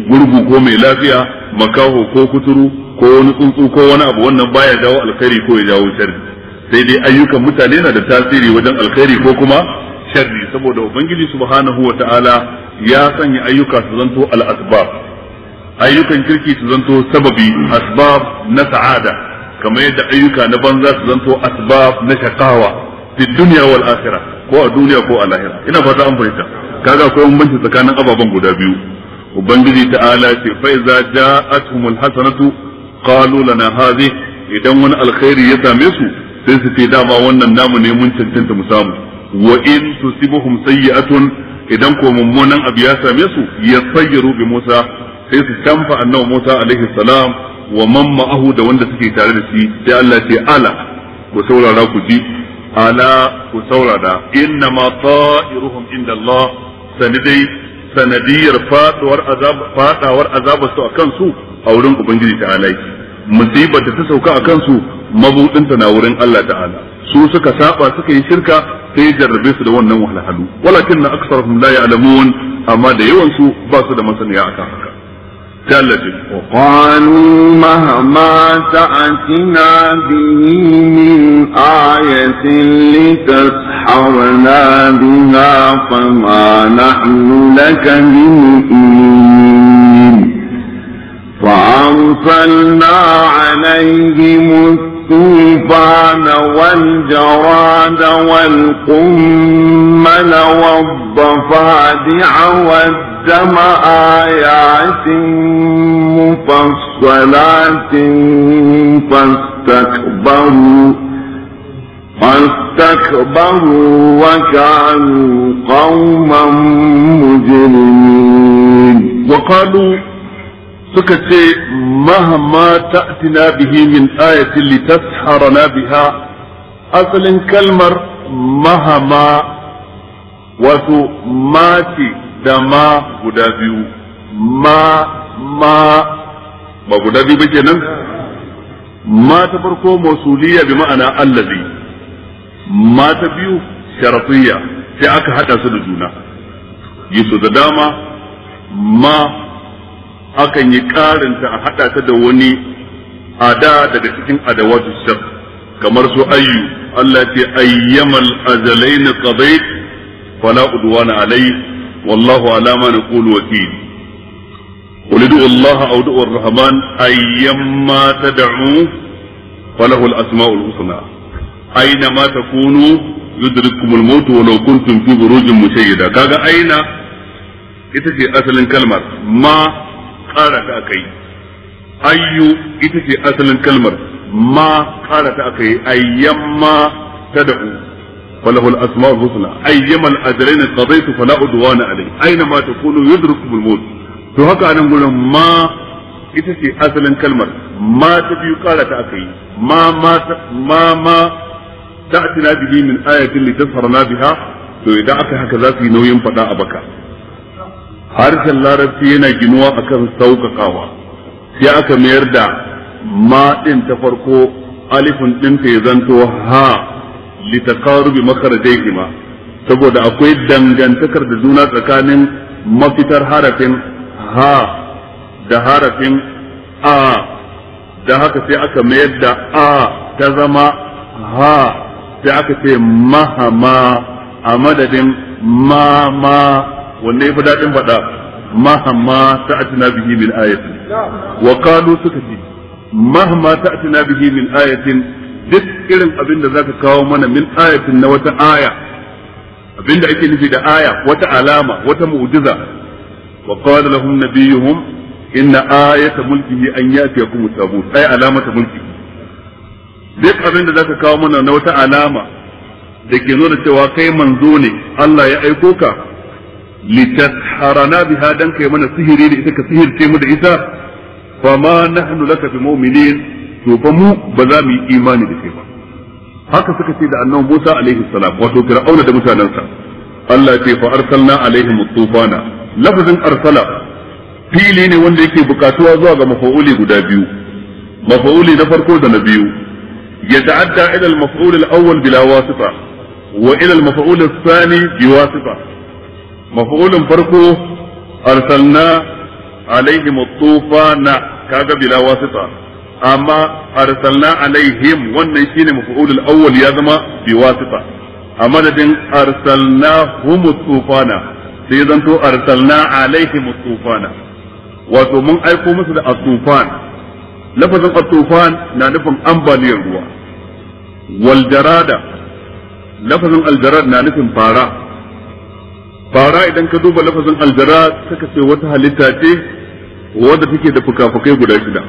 A: gurgu ko mai lafiya makaho ko kuturu ko wani tsuntsu ko wani abu wannan baya jawo alkhairi ko ya jawo sharri sai dai ayyukan mutane na da tasiri wajen alkhairi ko kuma sharri saboda ubangiji subhanahu wataala ya sanya ayyuka su zanto al-asbab ayyukan kirki su zanto sababi asbab na sa'ada kamar yadda ayyuka na banza su zanto asbab na shakawa fi dunya wal ko a duniya ko a lahira ina fata an fahimta kaga akwai banci tsakanin ababen guda biyu ubangiji ta'ala ce fa iza ja'atuhumul hasanatu qalu lana hadhihi idan wani alkhairi ya same su sai su ce dama wannan namu ne mun cancanta mu samu wa in tusibuhum sayyi'atun idan ko mummunan abu ya same su ya sayyaru bi Musa sai su canfa annabi Musa alaihi salam wa man ma'ahu da wanda suke tare da shi sai Allah ce ala ku saurara ku ji ala ku saurara inna ma ta'iruhum inda Allah sanidai sanadiyar faduwar azab fadawar azaba su akan su a wurin ubangiji ta'ala musibar da ta sauka akan su mabudinta na wurin Allah ta'ala su suka saba suka yi shirka sai jarrabe su da wannan wahalhalu walakin na aksarhum la ya'lamun amma da yawan su ba su da masaniya akan haka وقالوا مهما تأتنا
B: به من آية لتسحرنا بها فما نحن لك بمؤمنين فأرسلنا عليهم الطوفان والجراد والقمل والضفادع والدم قدم آيات مفصلات فاستكبروا فاستكبروا وكانوا قوما مجرمين وقالوا
A: سكتي مهما تأتنا به من آية لتسحرنا بها أصل كلمر مهما وسو ماتي da ma guda biyu ma ma ba guda biyu ba kenan ma ta farko mausuliya bi ma'ana allazi ma ta biyu sharafiyya sai aka hada su da juna yi da dama ma akan yi karinta a hada ta da wani ada daga cikin adawatu shar kamar su ayyu Allah ce ayyamal azalain qadait fala udwana alayhi والله على ما نقول وكيل قل ادعوا الله او ادعوا الرحمن ايما تدعوا فله الاسماء الحسنى اينما تكونوا يدرككم الموت ولو كنتم في بروج مشيدة كاغا اين ita ce asalin kalmar ma ƙara ta aka yi ayyu ita ce asalin kalmar ma ƙara ta aka yi ayyan ma ta da'u فله الأسماء الحسنى أيما الأجرين قضيت فلا عدوان علي أينما تكونوا يدرككم الموت to haka nan gurin ma ita ce asalin kalmar ma ta biyu kara ta aka yi ma ma ma ma ta'tina bihi min ayatin li tasharna biha to idan aka haka za su yi nauyin fada a baka harshen larabci yana ginuwa akan saukakawa sai aka mayar da ma din ta farko alifin din ta zanto ha litaqarubi makarajayhima saboda akwai dangantakar da juna tsakanin mafitar harafin ha da harafin a da haka sai aka mayar da a ta zama ha sai aka ce mahama a madadin mama wanda ya fi daɗin faɗa mahama ta atina bihi min ayatin wa kalu suka ce mahama ta atina bihi min ayatin duk irin abin da zaka kawo mana min ayatin na wata aya abin da ake nufi da aya wata alama wata mu'jiza wa qala lahum nabiyuhum inna ayata mulkihi an yatiyakum tabut ay alamata mulki duk abin da zaka kawo mana na wata alama da ke nuna cewa kai manzo ne Allah ya aiko ka litasharana biha dan kai mana sihiri da ita ka sihirce mu da ita fama nahnu laka bimu'minin to fa mu ba za mu yi imani da kai ba haka suka ce da annabi Musa alaihi salam wato fir'auna da mutanansa Allah ce fa arsalna alaihim tufana lafazin arsala fili ne wanda yake bukatuwa zuwa ga mafa'uli guda biyu mafa'uli na farko da na biyu yata'adda ila al-maf'ul al-awwal bila wasita wa ila al-maf'ul ath-thani bi wasita maf'ulun farko arsalna alaihim tufana kaga bila wasita amma arsalna alaihim wannan shine maf'ulul awwal ya zama bi wasita a madadin arsalna hum tufana sai zanto arsalna alaihim tufana wato mun aiko musu da atufan lafazin atufan na nufin ambaliyar ruwa wal jarada lafazin aljarad na nufin fara fara idan ka duba lafazin aljarad suka ce wata halitta ce wadda take da fuka-fukai guda shida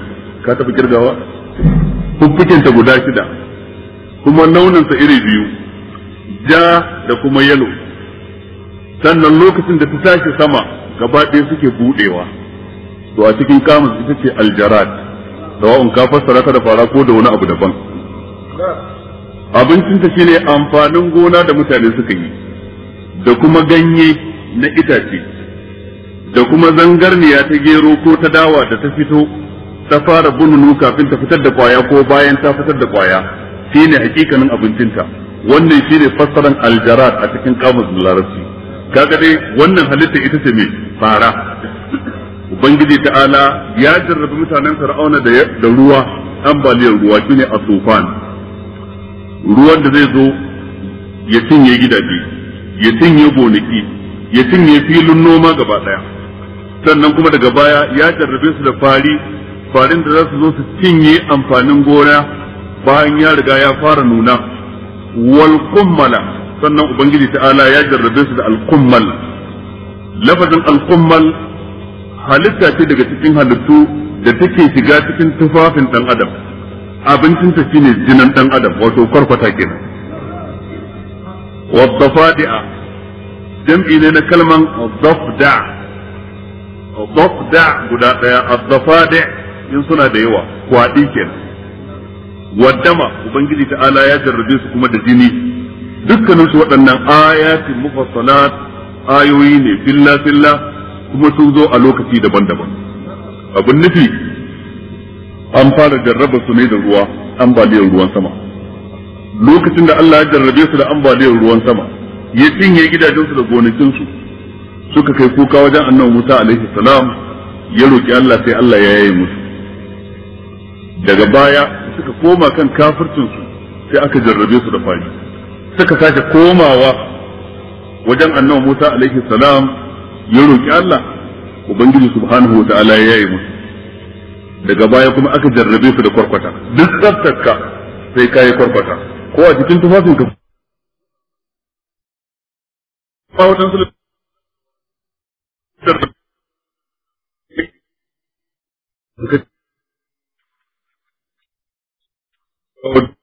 A: ka tafi kirgawa fuffukinta guda shida kuma sa iri biyu ja da kuma yalo sannan lokacin da ta tashi sama gaba ɗaya suke buɗewa to a cikin kamus ita ce aljarat sawa'un ka fassara ta da fara ko da wani abu daban Abincin abincinta shine amfanin gona da mutane suka yi da kuma ganye na itace da kuma zangarniya ta gero ko ta dawa da ta fito ta fara bununu kafin ta fitar da kwaya ko bayan ta fitar da kwaya shine hakikanin abincinta wannan shine fassaran aljarat a cikin kamus larabci kaga dai wannan halitta ita ce mai fara ubangiji ta'ala ya jarrabi mutanen fir'auna da ruwa ambaliyar ruwa shine asufan ruwan da zai zo ya cinye gidaje ya cinye gonaki ya cinye filin noma gaba daya sannan kuma daga baya ya jarrabe su da fari farin da za su zo su cinye amfanin gona bayan ya riga ya fara nuna wal kummala sannan ubangiji ta'ala ya jarrabe su da al kummal lafazin al kummal halitta ce daga cikin halittu da take shiga cikin tufafin dan adam abincin ta shine jinan dan adam wato kwarkwata kenan wa dafadi'a jam'i ne na kalman dafda dafda guda daya ad in suna da yawa kwaɗi kenan waddama ubangiji ta'ala ya jarrabe su kuma da jini dukkanin su waɗannan ayatin mufassalat ayoyi ne filla filla kuma sun zo a lokaci daban-daban abin nufi an fara jarraba su ne da ruwa ambaliyar ruwan sama lokacin da Allah ya jarrabe su da ambaliyar ruwan sama ya cinye su da gonakinsu suka kai kuka wajen annabi Musa alaihi salam ya roki Allah sai Allah ya yaye musu daga baya suka koma kan kafircinsu sai aka jarrabe su da fari suka sake komawa wajen annabi Musa alaihi salam ya roki Allah ubangiji subhanahu wa ta'ala ya yi musu daga baya kuma aka jarrabe su da kwarkwata duk tsaftarka sai kai kwarkwata ko a cikin tufafin ka
B: ba code to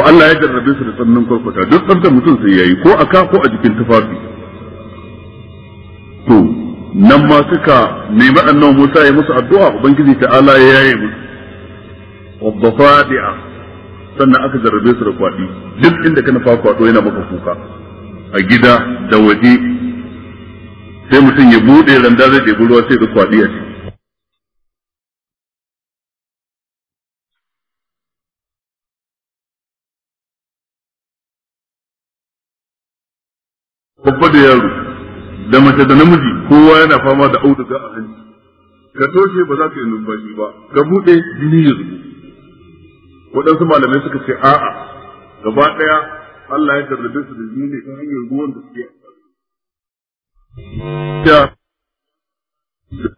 A: Allah ya jarrabe su da sannan kwarkwata duk tsantar mutum sai yayi ko a ka ko a jikin tufafi to nan ma suka nemi annabi Musa ya musu addu'a ubangiji ta'ala ya yaye musu fadi'a. sannan aka zarrabe su da kwaɗi duk inda ka fa kwaɗo yana maka kuka a gida da waje sai mutum ya buɗe randa zai ɗebi ruwa sai da kwaɗi a ciki babba da yaro da mace da namiji kowa yana fama da auduga a hanci ka toshe ba za ka yi numfashi ba ka buɗe jini ya zubo waɗansu malamai suka ce a'a gaba ɗaya Allah ya tarrabe su da jini ne ta hanyar ruwan da suke ya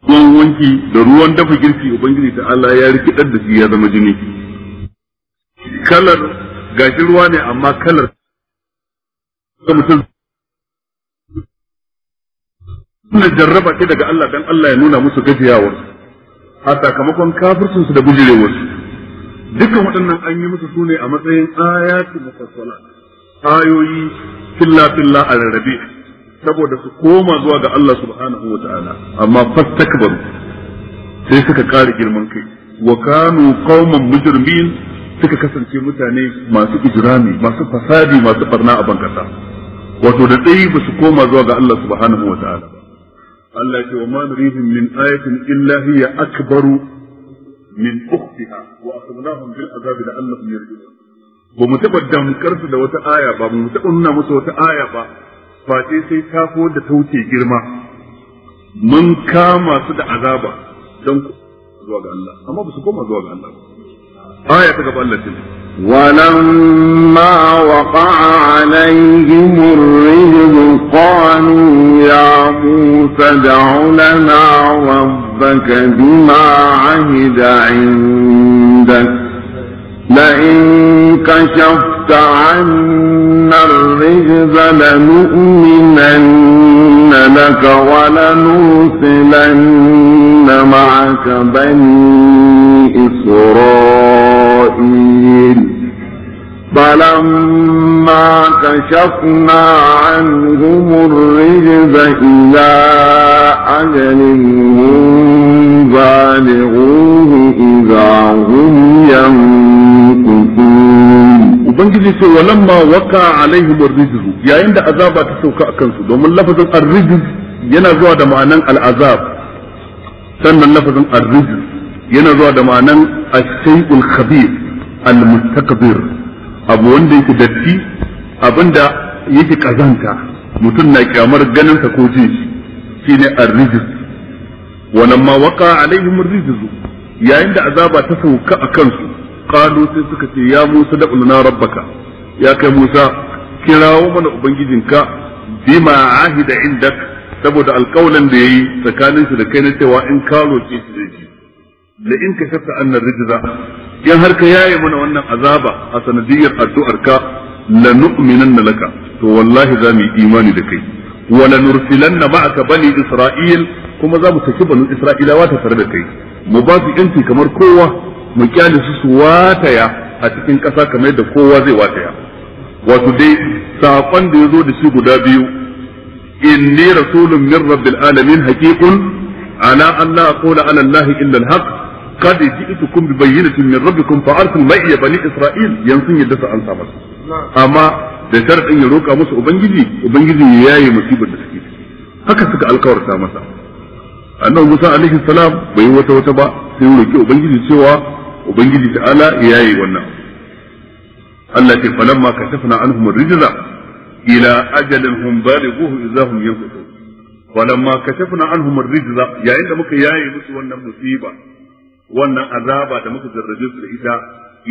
A: ruwan wanki da ruwan dafa girki ubangiji ta Allah ya rikidar da shi ya zama jini kalar gashi ruwa ne amma kalar ta mutum suna jarraba ke daga Allah dan Allah ya nuna musu gajiyawar a sakamakon kafircinsu da bujirewarsu dukkan waɗannan an yi musu sune a matsayin ayatu mufassala ayoyi filla filla a rarrabe saboda su koma zuwa ga Allah subhanahu wa ta'ala amma fastakbaru sai suka kare girman kai wa kanu qauman mujrimin suka kasance mutane masu ijrami masu fasadi masu barna a bankasa wato da tsayi ba su koma zuwa ga Allah subhanahu wa ta'ala Allah ya ce wa ma min ayatin illa hiya akbaru min ukhtiha wa akhadnahum bil azab la'allahum yarji'un ba mu taba damkar su da wata aya ba mu taba nuna musu wata aya ba face sai ta ko da ta wuce girma mun kama su da azaba don zuwa ga Allah amma ba su koma zuwa ga Allah aya ta gaba Allah ce ولما
B: وقع عليهم الرجل قالوا يا موسى دع لنا ربك ربك بما عهد عندك لئن كشفت عنا الرجز لنؤمنن لك ولنرسلن معك بني إسرائيل فلما كشفنا عنهم الرجز إلى أجل هم بالغوه
A: إذا هم ينكثون وبنجي سي ولما وقع عليهم الرجز يا عند عذاب تسوك أكنسو دوم لفظ الرجز ينا زوا دمعنا العذاب سنن لفظ الرجز ينا زوا دمعنا الشيء الخبيث المستقبر abu wanda yake datti abinda yake kazanta mutum na kyamar ganin sa ko jin shi shine ar-rijz walamma waqa alaihim ar yayin da azaba ta sauka a kansu qalu sai suka ce ya Musa da ulna rabbaka ya kai Musa kirawo mana ubangijinka bima ahida indak saboda alƙawalin da yayi tsakanin su da kai na cewa in ka roƙe shi da shi in ka shafta annar rijza in har ka yaye mana wannan azaba a sanadiyar addu'arka la nu'minanna laka to wallahi za mu yi imani da kai wa lanursilanna ma'aka bani isra'il kuma za mu saki banu isra'ilawa ta tare da kai mu ba su yanci kamar kowa mu kyale su su wataya a cikin ƙasa kamar yadda kowa zai wataya wato dai saƙon da ya zo da shi guda biyu inni rasulun min rabbil alamin haqiqun ala an la aqula ala allahi illa alhaq qad ji'tukum bi bayyinatin min rabbikum fa arsil ma'iya bani isra'il yanzu yadda sa an samu amma da sharadin ya roƙa musu ubangiji ubangiji ya yaye musibar da suke haka suka alkawarta masa annabi Musa alaihi salam bai yi wata wata ba sai ya roƙi ubangiji cewa ubangiji ta'ala ya yaye wannan Allah ce falamma kashafna anhum ar-rijza ila ajalin hum balighuhu idza hum yanqutun falamma kashafna anhum ar-rijza yayin da muka yaye musu wannan musiba wannan azaba da muka jarrabe su da ita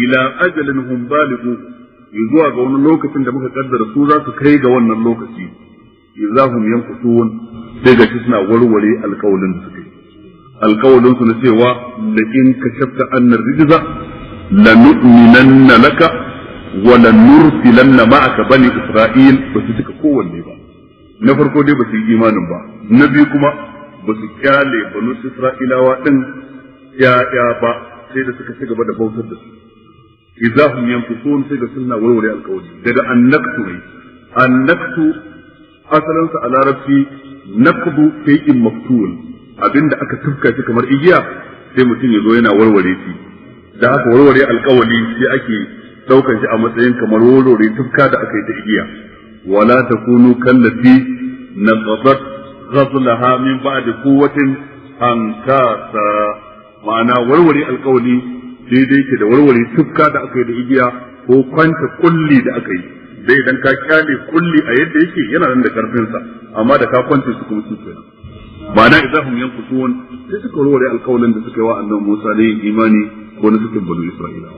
A: ila ajalin hum balighuhu zuwa ga wani lokacin da muka kaddara su za su kai ga wannan lokaci izahum yanqutun sai ga suna warware alƙawalin da suke alƙawalin su na cewa da in kashafta anna rijza la na laka wa la nursilanna ma'aka bani isra'il ba su cika kowanne ba na farko dai ba su yi imanin ba na biyu kuma ba su kyale banu isra'ilawa din ya ya ba sai da suka ci gaba da bautar da su idahum yanfusun sai ga sunna warware alkawari daga annaktu ne annaktu asalansa a larabci nakbu shay'in maftul abinda aka tufka shi kamar igiya sai mutum ya zo yana warware shi da haka warware alkawari sai ake daukar shi a matsayin kamar warware tufka da aka yi ta igiya wala takunu na naqadat ghazlaha min ba'di quwwatin ankasa ma'ana warware alkawari daidai ke da warware tufka da aka yi da igiya ko kwanta kulli da aka yi dai idan ka kyale kulli a yadda yake yana nan da karfin sa amma da ka kwanta su kuma suke ba na idan hum yankusun sai suka warware alƙawalin da suka yi wa annabi Musa da imani ko na suke bani Isra'ilawa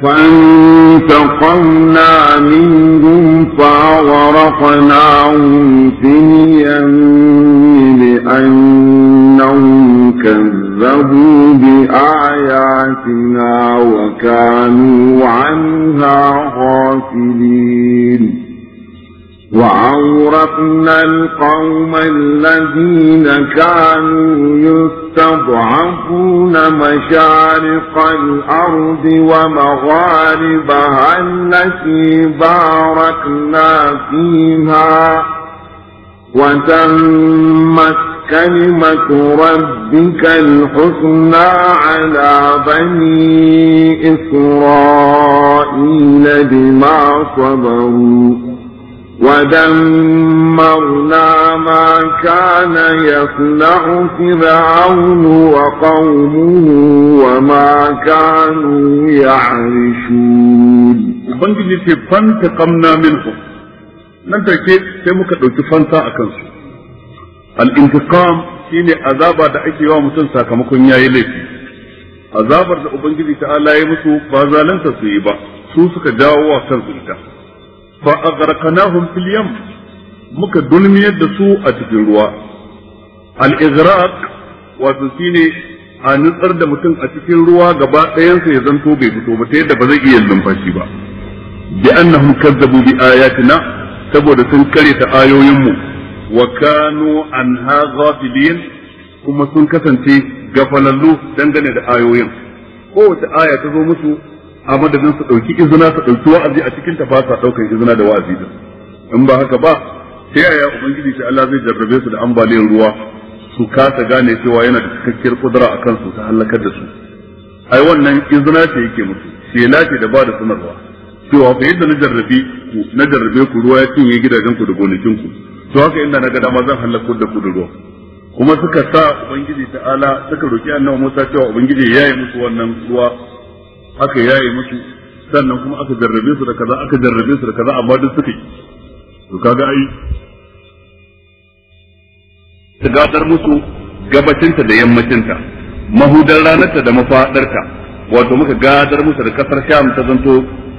A: فانتقمنا
B: كذبوا بآياتنا وكانوا عنها غافلين وعورقنا القوم الذين كانوا يستضعفون مشارق الأرض ومغاربها التي باركنا فيها وتمت كلمة ربك الحسنى على بني إسرائيل بما صبروا ودمرنا ما كان يصنع فرعون وقومه
A: وما كانوا يعرشون ubangiji ce fanta kamna minhu nan take sai muka ɗauki fanta a kansu al-intiqam shine azaba da ake wa mutum sakamakon yayi laifi azabar da ubangiji ta'ala ya musu ba zalanta su yi ba su suka jawo wa kan ita fa aghraqnahum fil yam muka dulmiyar da su a cikin ruwa al-ighraq shi ne a nutsar da mutum a cikin ruwa gaba ɗayansa ya zanto bai fito ba ta yadda ba zai iya numfashi ba bi annahum kazzabu bi ayatina saboda sun kare ta ayoyin mu wa kanu anha kuma sun kasance gafalallu dangane da ayoyin kowace aya ta zo musu a madadin su dauki izina su ɗauki wa'azi a cikin ta ba sa daukan izina da wa'azi din in ba haka ba ta yaya ubangiji shi Allah zai jarrabe su da ambaliyar ruwa su kasa gane cewa yana da cikakkiyar kudura a kansu ta halakar da su ai wannan izina ce yake musu shela ce da ba da sanarwa cewa fa yadda na jarrabe ku na jarrabe ku ruwa ya cinye gidajen ku da gonakin ku to haka inda na ga dama zan halakku da ku da ruwa kuma suka sa ubangiji ta'ala suka roki annabi Musa cewa ubangiji yayi musu wannan ruwa aka yayi musu sannan kuma aka jarrabe su da kaza aka jarrabe su da kaza amma duk suka yi to kaga ai ta gadar musu gabacinta da yammacinta mahudan ranarta da mafadarta wato muka gadar musu da kasar sham ta zanto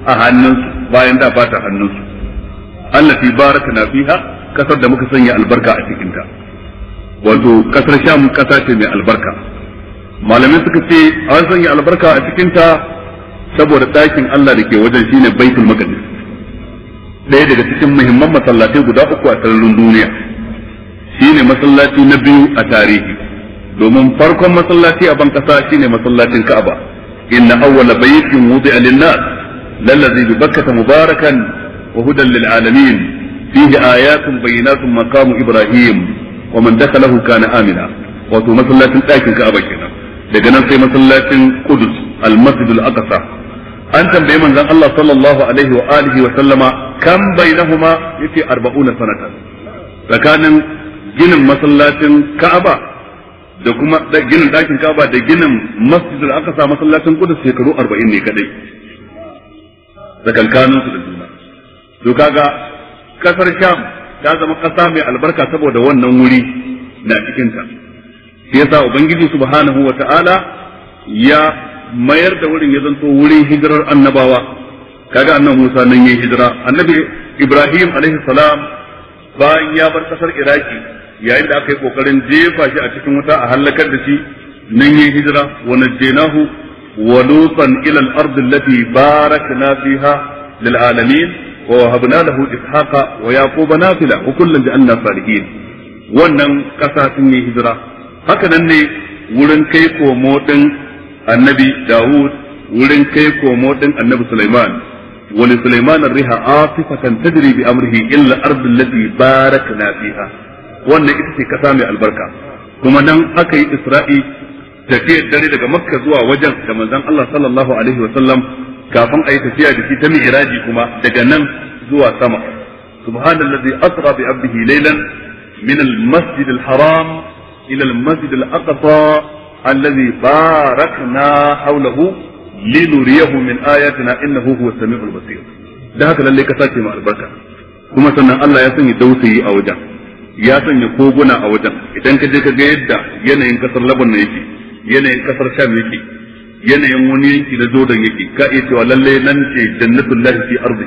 A: a hannunsu bayan da ba ta hannunsu allati barakna fiha kasar da muka sanya albarka a cikinta wato kasar sham kasa ce mai albarka malamai suka ce an sanya albarka a cikinta saboda ɗakin Allah da ke wajen shine baitul maqdis ɗaya daga cikin muhimman masallatai guda uku a sararin duniya shine masallaci na biyu a tarihi domin farkon masallaci a ban kasa shine masallacin Ka'aba inna awwala baytin wudi'a lin-nas lallazi bi bakkata mubarakan wa hudan lil alamin fihi ayatun bayyinatun maqamu ibrahim wa man dakhalahu kana amina wato masallacin ɗakin ka'aba kenan daga nan sai masallacin qudus al-masjid al-aqsa an tambaye manzon Allah sallallahu alaihi wa alihi wa sallama kam bainahuma yace 40 sanata tsakanin ginin masallacin ka'aba da kuma ginin ɗakin kaba da ginin masjid da aka masallacin kudu shekaru arba'in ne kadai tsakankanin su da juna to kaga kasar sham ta zama kasa mai albarka saboda wannan wuri na cikinta shi yasa ubangiji subhanahu wa ta'ala ya mayar da wurin ya zanto wurin hijirar annabawa kaga annabi Musa nan yayi hijira annabi Ibrahim alaihi salam bayan ya bar kasar Iraki yayin da aka yi kokarin jefa shi a cikin wuta a halakar da shi nan yayi hijira wa najjaynahu wa lutan ila al-ard allati barakna fiha lil alamin ووهبنا له إسحاق ويعقوب نافلة وكلا جعلنا صالحين wannan ƙasa sun yi hijira haka nan ne wurin kai komo annabi Dawud wurin kai komo annabi Sulaiman wani Sulaiman riha asifatan tajri bi amrihi illa ardul lati barakna fiha wannan ita ce ƙasa mai albarka kuma nan aka yi Isra'i tafiyar dare daga Makka zuwa wajen da manzon Allah sallallahu alaihi wa sallam kafin a yi tafiya da shi ta mi'raji kuma daga nan zuwa sama subhanallazi asra bi abdihi laylan haram ila al-masjid al-aqsa alladhi barakna ayatina innahu huwa da haka lalle ka sace ma albarka kuma sannan Allah ya sanya dausayi a wajen ya sanya koguna a wajen idan ka je ka ga yadda yanayin kasar Lebanon yake yanayin kasar Sham yake yanayin wani yanki na jordan yake ka iya cewa lalle nan ce jannatul lahi fi ardi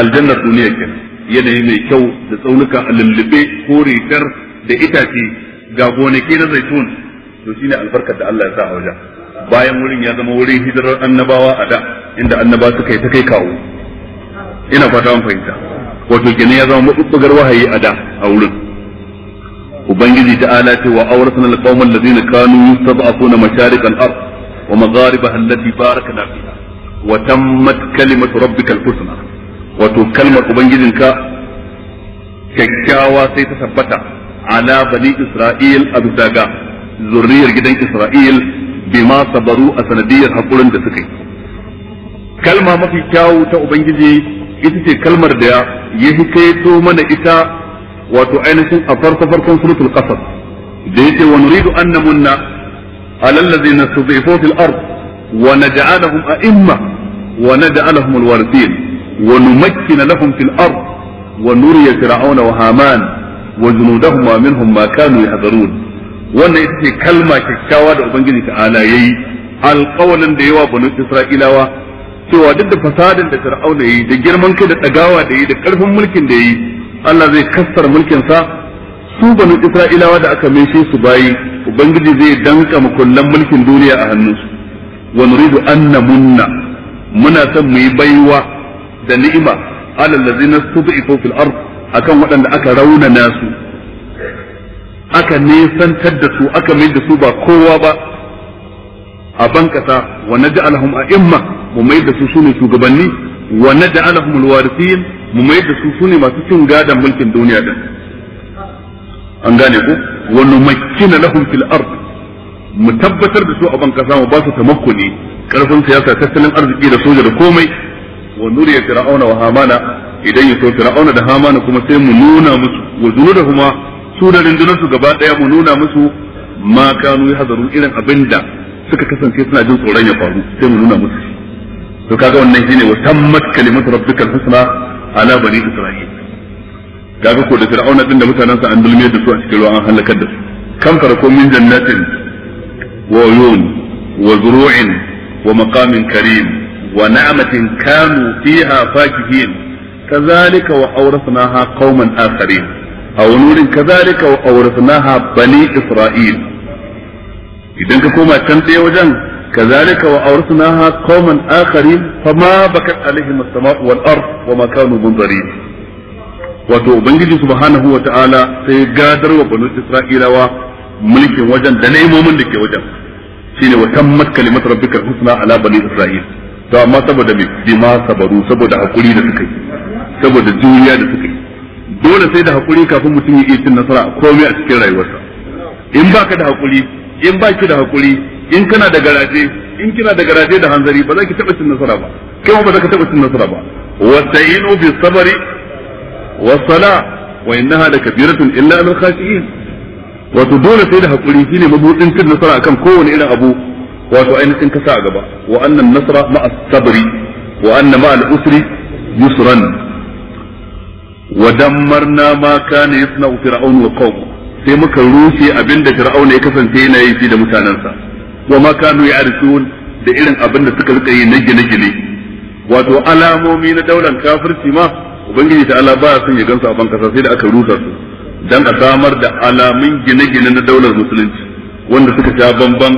A: aljanna duniya kenan yanayi mai kyau da tsaunuka a lullube ko rigar da itace ga gonaki na zaitun to shine albarkar da Allah ya sa a wajen bayan wurin ya zama wurin hijirar annabawa a da inda annaba suka yi ta kai kawo ina fata an fahimta wato kenan ya zama mabubbugar wahayi a da a wurin ubangiji ta'ala ce wa awrasna alqawmal ladina kanu yustad'afuna masharik al-ard ومغاربها التي باركنا فيها وتمت كلمة ربك الحسنى wato kalmar ubangijinka kyakkyawa sai ta tabbata ala bani isra'il a Daga ga gidan isra'il bima sabaru a sanadiyar hakurin da suka yi kalma mafi kyawu ta ubangiji ita ce kalmar da ya hikaito mana ita wato ainihin a farko farkon suratul qasas da yake wa nuridu annamunna على الذين استضعفوا في الأرض ونجعلهم أئمة ونجعلهم الوارثين ونمكن لهم في الأرض ونري فرعون وهامان وجنودهما منهم ما كانوا يحذرون wannan ita ce kalma kyakkyawa da ubangiji ta'ala yayi alƙawalin da yawa banu isra'ilawa cewa duk da fasadin da fir'auna yayi da girman kai da ɗagawa da yayi da karfin mulkin da yayi Allah zai kassar mulkin sa su banu isra'ilawa da aka meshe su bayi ubangiji zai danka makullan mulkin duniya a hannunsu wa nuridu anna muna son mu yi baiwa da ni'ima alal ladzina stud'ifu fil ard akan waɗanda aka raunana su aka nesantar da su aka mai da su ba kowa ba a bankasa wa naj'alhum a'imma mu mai da su sune shugabanni wa naj'alhum alwarithin mu mai da su sune masu cin gadan mulkin duniya din an gane ku wa numakkina lahum fil ard mu tabbatar da su a ban kasa mu ba su tamakkuni karfin siyasa tattalin arziki da soja da komai wa nuriya fir'auna wa hamana idan ya so fir'auna da hamana kuma sai mu nuna musu wa junudahuma su da rundunar su gaba daya mu nuna musu ma kanu yahzarun irin abinda suka kasance suna jin tsoron ya faru sai mu nuna musu to kaga wannan shine wa tammat kalimatu rabbikal husna ala bani isra'il gaga ko da fir'auna din da mutanansa an dulme da su a cikin ruwa an halakar da su kam farko min jannatin wa uyun wa zuru'in wa maqamin karim wa na'matin kanu fiha fakihin kazalika wa awrasnaha qauman akharin a wani wurin kazalika wa awrasnaha bani isra'il idan ka koma can ɗaya wajen kazalika wa awrasnaha qauman akharin fama bakat alaihim as-sama'u wal ard wa ma kanu munzarin wato ubangiji subhanahu wa ta'ala sai gadar wa banu isra'ilawa mulkin wajen da naimomin da ke wajen shine wa tammat kalimatu rabbika husna ala bani isra'il to amma saboda me bima sabaru saboda hakuri da suka yi saboda juriya da suka yi dole sai da hakuri kafin mutum ya iya cin nasara komai a cikin rayuwarsa in baka da hakuri in baki da hakuri in kana da garaje in kina da garaje da hanzari ba za ki taba cin nasara ba kai ba za ka taba cin nasara ba wasta'inu bi sabari. was-sala wa innaha lakabiratun illa lil khashiyin wato dole sai da hakuri shine mabudin cin nasara kan kowane irin abu wato ainihin ka sa a gaba wa annan nasra ma'a sabri wa anna usri yusran wa dammarna ma wa sai muka rushe abinda fir'auna ya kasance yana yi shi da mutanansa wa ma kanu ya'rifun da irin abinda suka rika yi na gine-gine wato alamomi na daular kafirci ma ubangiji ta Allah baya son ya gansu a bankasa sai da aka rusa su dan a samar da alamun gine-gine na daular musulunci wanda suka ta bamban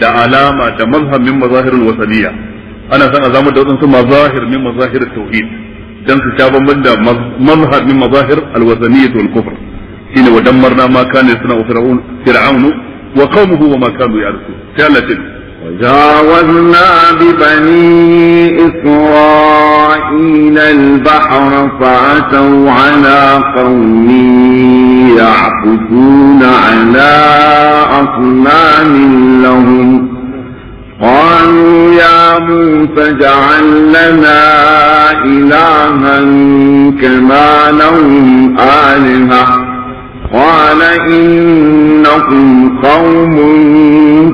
A: da alama da mazhamin mazahirul wasaniya. ana son a zama da wadansu mazahir min mazahir tauhid dan su ta bamban da mazhar min mazahir alwasaniyya wal kufr shine wa dammarna ma kane suna fir'aun fir'aunu wa qaumuhu wa ma kanu ya'rifun sai Allah
B: وجاوزنا ببني إسرائيل البحر فأتوا على قوم يعبدون على أصنام لهم قالوا يا موسى اجعل لنا إلها كما لهم آلهة قال إنكم قوم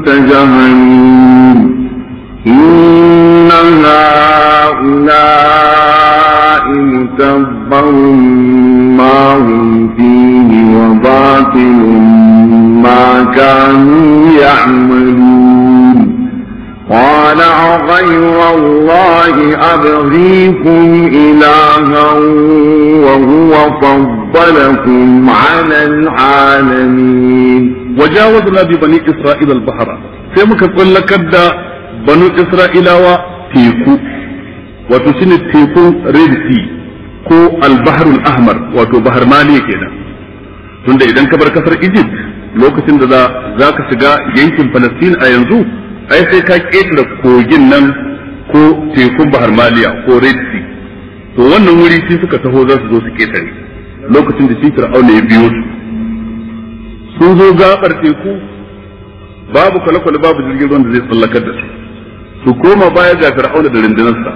B: تجهلون إن هؤلاء متبر ما هم فيه وباطل ما كانوا يعملون قال غير الله أبغيكم إلها
A: وهو فضل فلكم على العالمين وجاوزنا ببني إسرائيل البحر sai muka tsallakar da banu isra'ilawa teku wato shine tekun red sea ko albaharul ahmar wato bahar maliya kenan tunda idan ka bar kasar egypt lokacin da za ka shiga yankin palestine a yanzu ai sai ka ketare kogin nan ko tekun bahar maliya ko red sea to wannan wuri shi suka taho za su zo su ketare lokacin da shi fir'auna ya biyo su sun zo gabar teku babu kwale-kwale babu jirgin ruwan da zai tsallakar da su su koma baya ga fir'auna da rundunarsa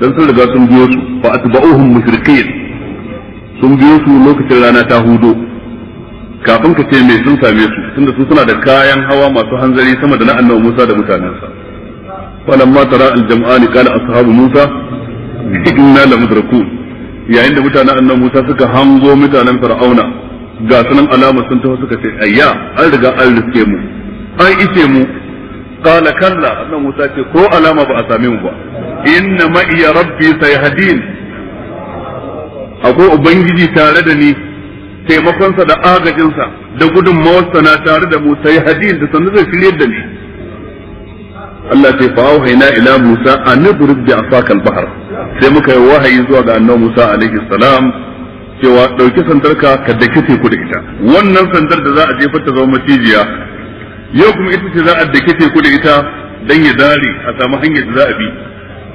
A: dan sun riga sun biyo su fa atba'uhum mushriqin sun biyo su lokacin rana ta hudo kafin ka ce sun same su tunda su suna da kayan hawa masu hanzari sama da na annabi Musa da mutanensa falamma tara al-jam'ani qala ashabu Musa inna lamudrakun yayin da mutanen annabi Musa suka hango mutanen Fir'auna ga sunan alama sun taho suka ce ayya an riga an riske mu an ice mu qala kalla annabi Musa ce ko alama ba a same mu ba inna ma iya rabbi sayhadin akwai ubangiji tare da ni taimakonsa da agajinsa da gudunmawarsa na tare da mu sayhadin da sanin zai shiryar da ni Allah ce fa auhayna ila Musa an idrib bi asakal bahr sai muka yi wahayi zuwa ga annabi Musa alaihi salam cewa dauki sandarka ka daki teku da ita wannan sandar da za a jefa ta zama macijiya yau kuma ita ce za a daki teku da ita dan ya dare a samu hanyar da za a bi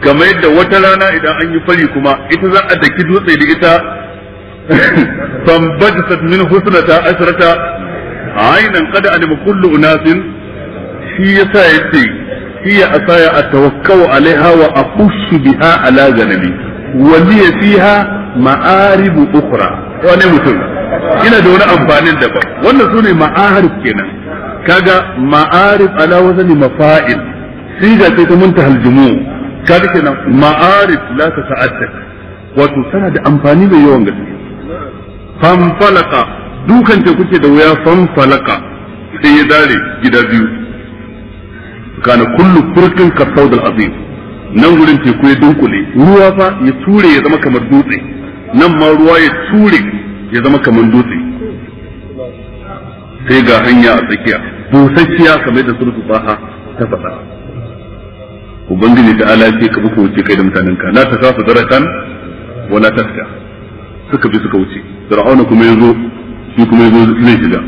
A: kamar yadda wata rana idan an yi fari kuma ita za a daki dutse da ita فانبجست من حسنة عشرة عينا kada علم كل أناس shi yasa yace هي عصاي أتوكأ عليها وأقص بها على غنمي ولي فيها ma'arib ukhra wani mutum ina da wani amfanin daban wannan sune ma'arif kenan kaga ma'arif ala wazani mafa'il siga sai ta muntahal jumu kaga kenan ma'arif la ta ta'addad wato tana da amfani mai yawan gaske falaka dukan ta kuke da wuya falaka? sai ya dare gida biyu kana kullu furkin ka saudul azim nan gurin teku ya dunkule ruwa fa ya ture ya zama kamar dutse nan ma ruwa ya ture ya zama kamar dutse sai ga hanya a tsakiya busasshiya kamar da surtu baha ta faɗa ubangiji da ala ka buku wuce kai da mutanen ka la tasafu daratan wala taska suka bi suka wuce fir'auna kuma yazo shi kuma yazo zai shiga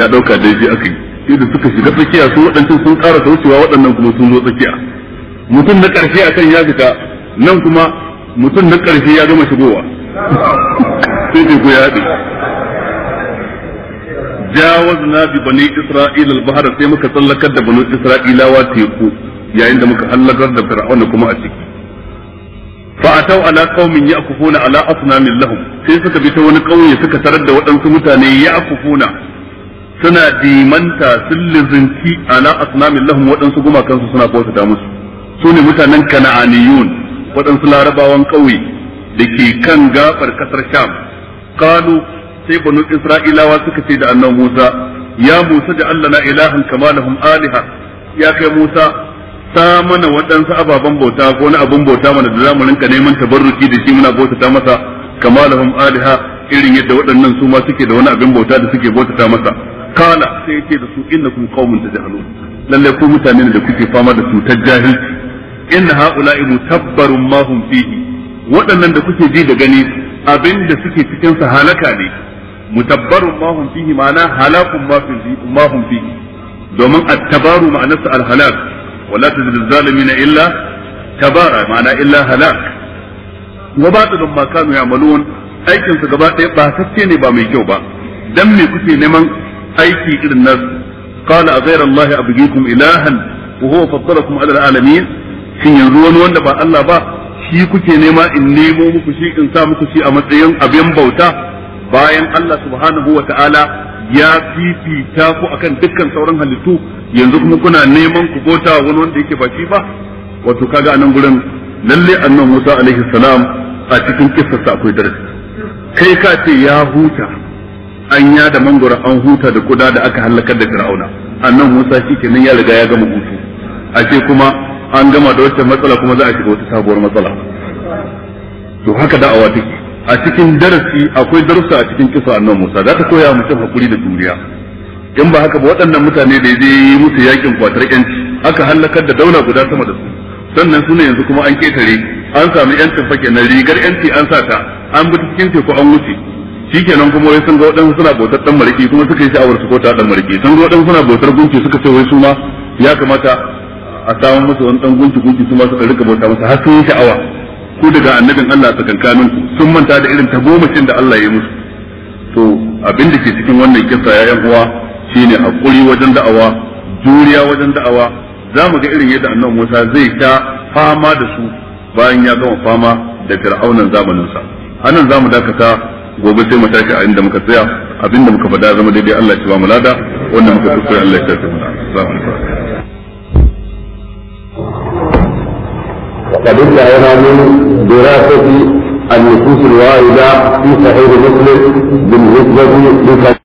A: ya dauka dai shi aka yi sai da suka shiga tsakiya su waɗancan sun ƙara wucewa waɗannan kuma sun zo tsakiya mutum na ƙarshe akan ya fita nan kuma mutum na ƙarshe ya gama shigowa *laughs* sai dai ku yaɗe jawazna bi bani isra'ila al-bahr sai muka tsallakar da bani isra'ilawa teku yayin da muka hallakar da fir'auna kuma a ciki fa'atau ala qaumin ya'kufuna ala asnamin lahum sai suka bi ta wani kauye suka tarar da waɗansu mutane ya'kufuna suna dimanta sun lizinci ala asnamin lahum waɗansu gumakansu suna bautata musu su ne mutanen kana'aniyun waɗansu larabawan ƙauye da ke kan gafar ƙasar sham kanu sai banu isra'ilawa suka ce da annan musa ya musa da allah na ilahin kama lahum aliha ya kai musa ta mana waɗansu ababen bauta ko na abin bauta mana da zamu rinka neman tabarruki da shi muna bauta masa kama lahum aliha irin yadda waɗannan su ma suke da wani abin bauta da suke bauta masa kala sai yace da su innakum qaumun tajhalun lalle ku mutane ne da kuke fama da cutar jahilci inna haula'i mutabbarun ma hum fihi waɗannan da kuke ji da gani abin da suke cikin sa halaka ne mutabbarun ma hum fihi ma'ana halakun ma fihi ma hum fihi domin at-tabaru ma'anarsa al-halak wala tazidu zalimina illa tabara ma'ana illa halak wa batilun ma kanu ya'malun aikin su gaba ɗaya ba tacce ne ba mai kyau ba dan me kuke neman aiki irin nan, qala a ghayra allahi abghikum ilahan wa huwa faddalakum ala alamin shin yanzu wani wanda ba Allah ba shi kuke nema in nemo muku shi in sa muku shi a matsayin abin bauta bayan Allah subhanahu wa ta'ala ya fifita ku akan dukkan sauran halittu yanzu kuma kuna neman ku bauta wani wanda yake ba shi ba wato kaga anan gurin lalle annabi Musa alaihi salam a cikin kissarsa akwai darasi kai ka ce ya huta an ya da mangoro an huta da kuda da aka halakar da fir'auna annan musa shi nan ya riga ya gama hutu ce kuma an gama da wata matsala kuma za a shiga wata sabuwar matsala to haka da'awa take a cikin darasi akwai darussa a cikin kisa annan musa za ta koya mutum hakuri da juriya in ba haka ba waɗannan mutane da ya yi musu yakin kwatar yanci aka halakar da daula guda sama da su sannan su ne yanzu kuma an ketare an sami yancin fake na rigar yanci an sa ta an bi cikin teku an wuce shikenan kuma wai sun ga waɗansu suna bautar dan mariki kuma suka yi sha'awar su ta dan mariki sun ga suna bautar gunki suka ce wai su ma ya kamata a samu musu wani dan gunki gunki su ma suka rika bauta musu har sun yi sha'awa ku daga annabin Allah tsakankanin ku sun manta da irin tagomacin da Allah ya musu to abin da ke cikin wannan kisa ya yan uwa shine hakuri wajen da'awa juriya wajen da'awa za mu ga irin yadda annabi Musa zai ta fama da su bayan ya gama fama da fir'aunan sa anan za mu dakata gobe sai mu tashi a inda muka tsaya abinda muka faɗa zama daidai Allah ya ba mu lada wanda muka kuskure Allah ya tafi mu assalamu alaikum وقد انتهينا من دراسة النصوص
B: الواردة في صحيح مسلم بالنسبة لك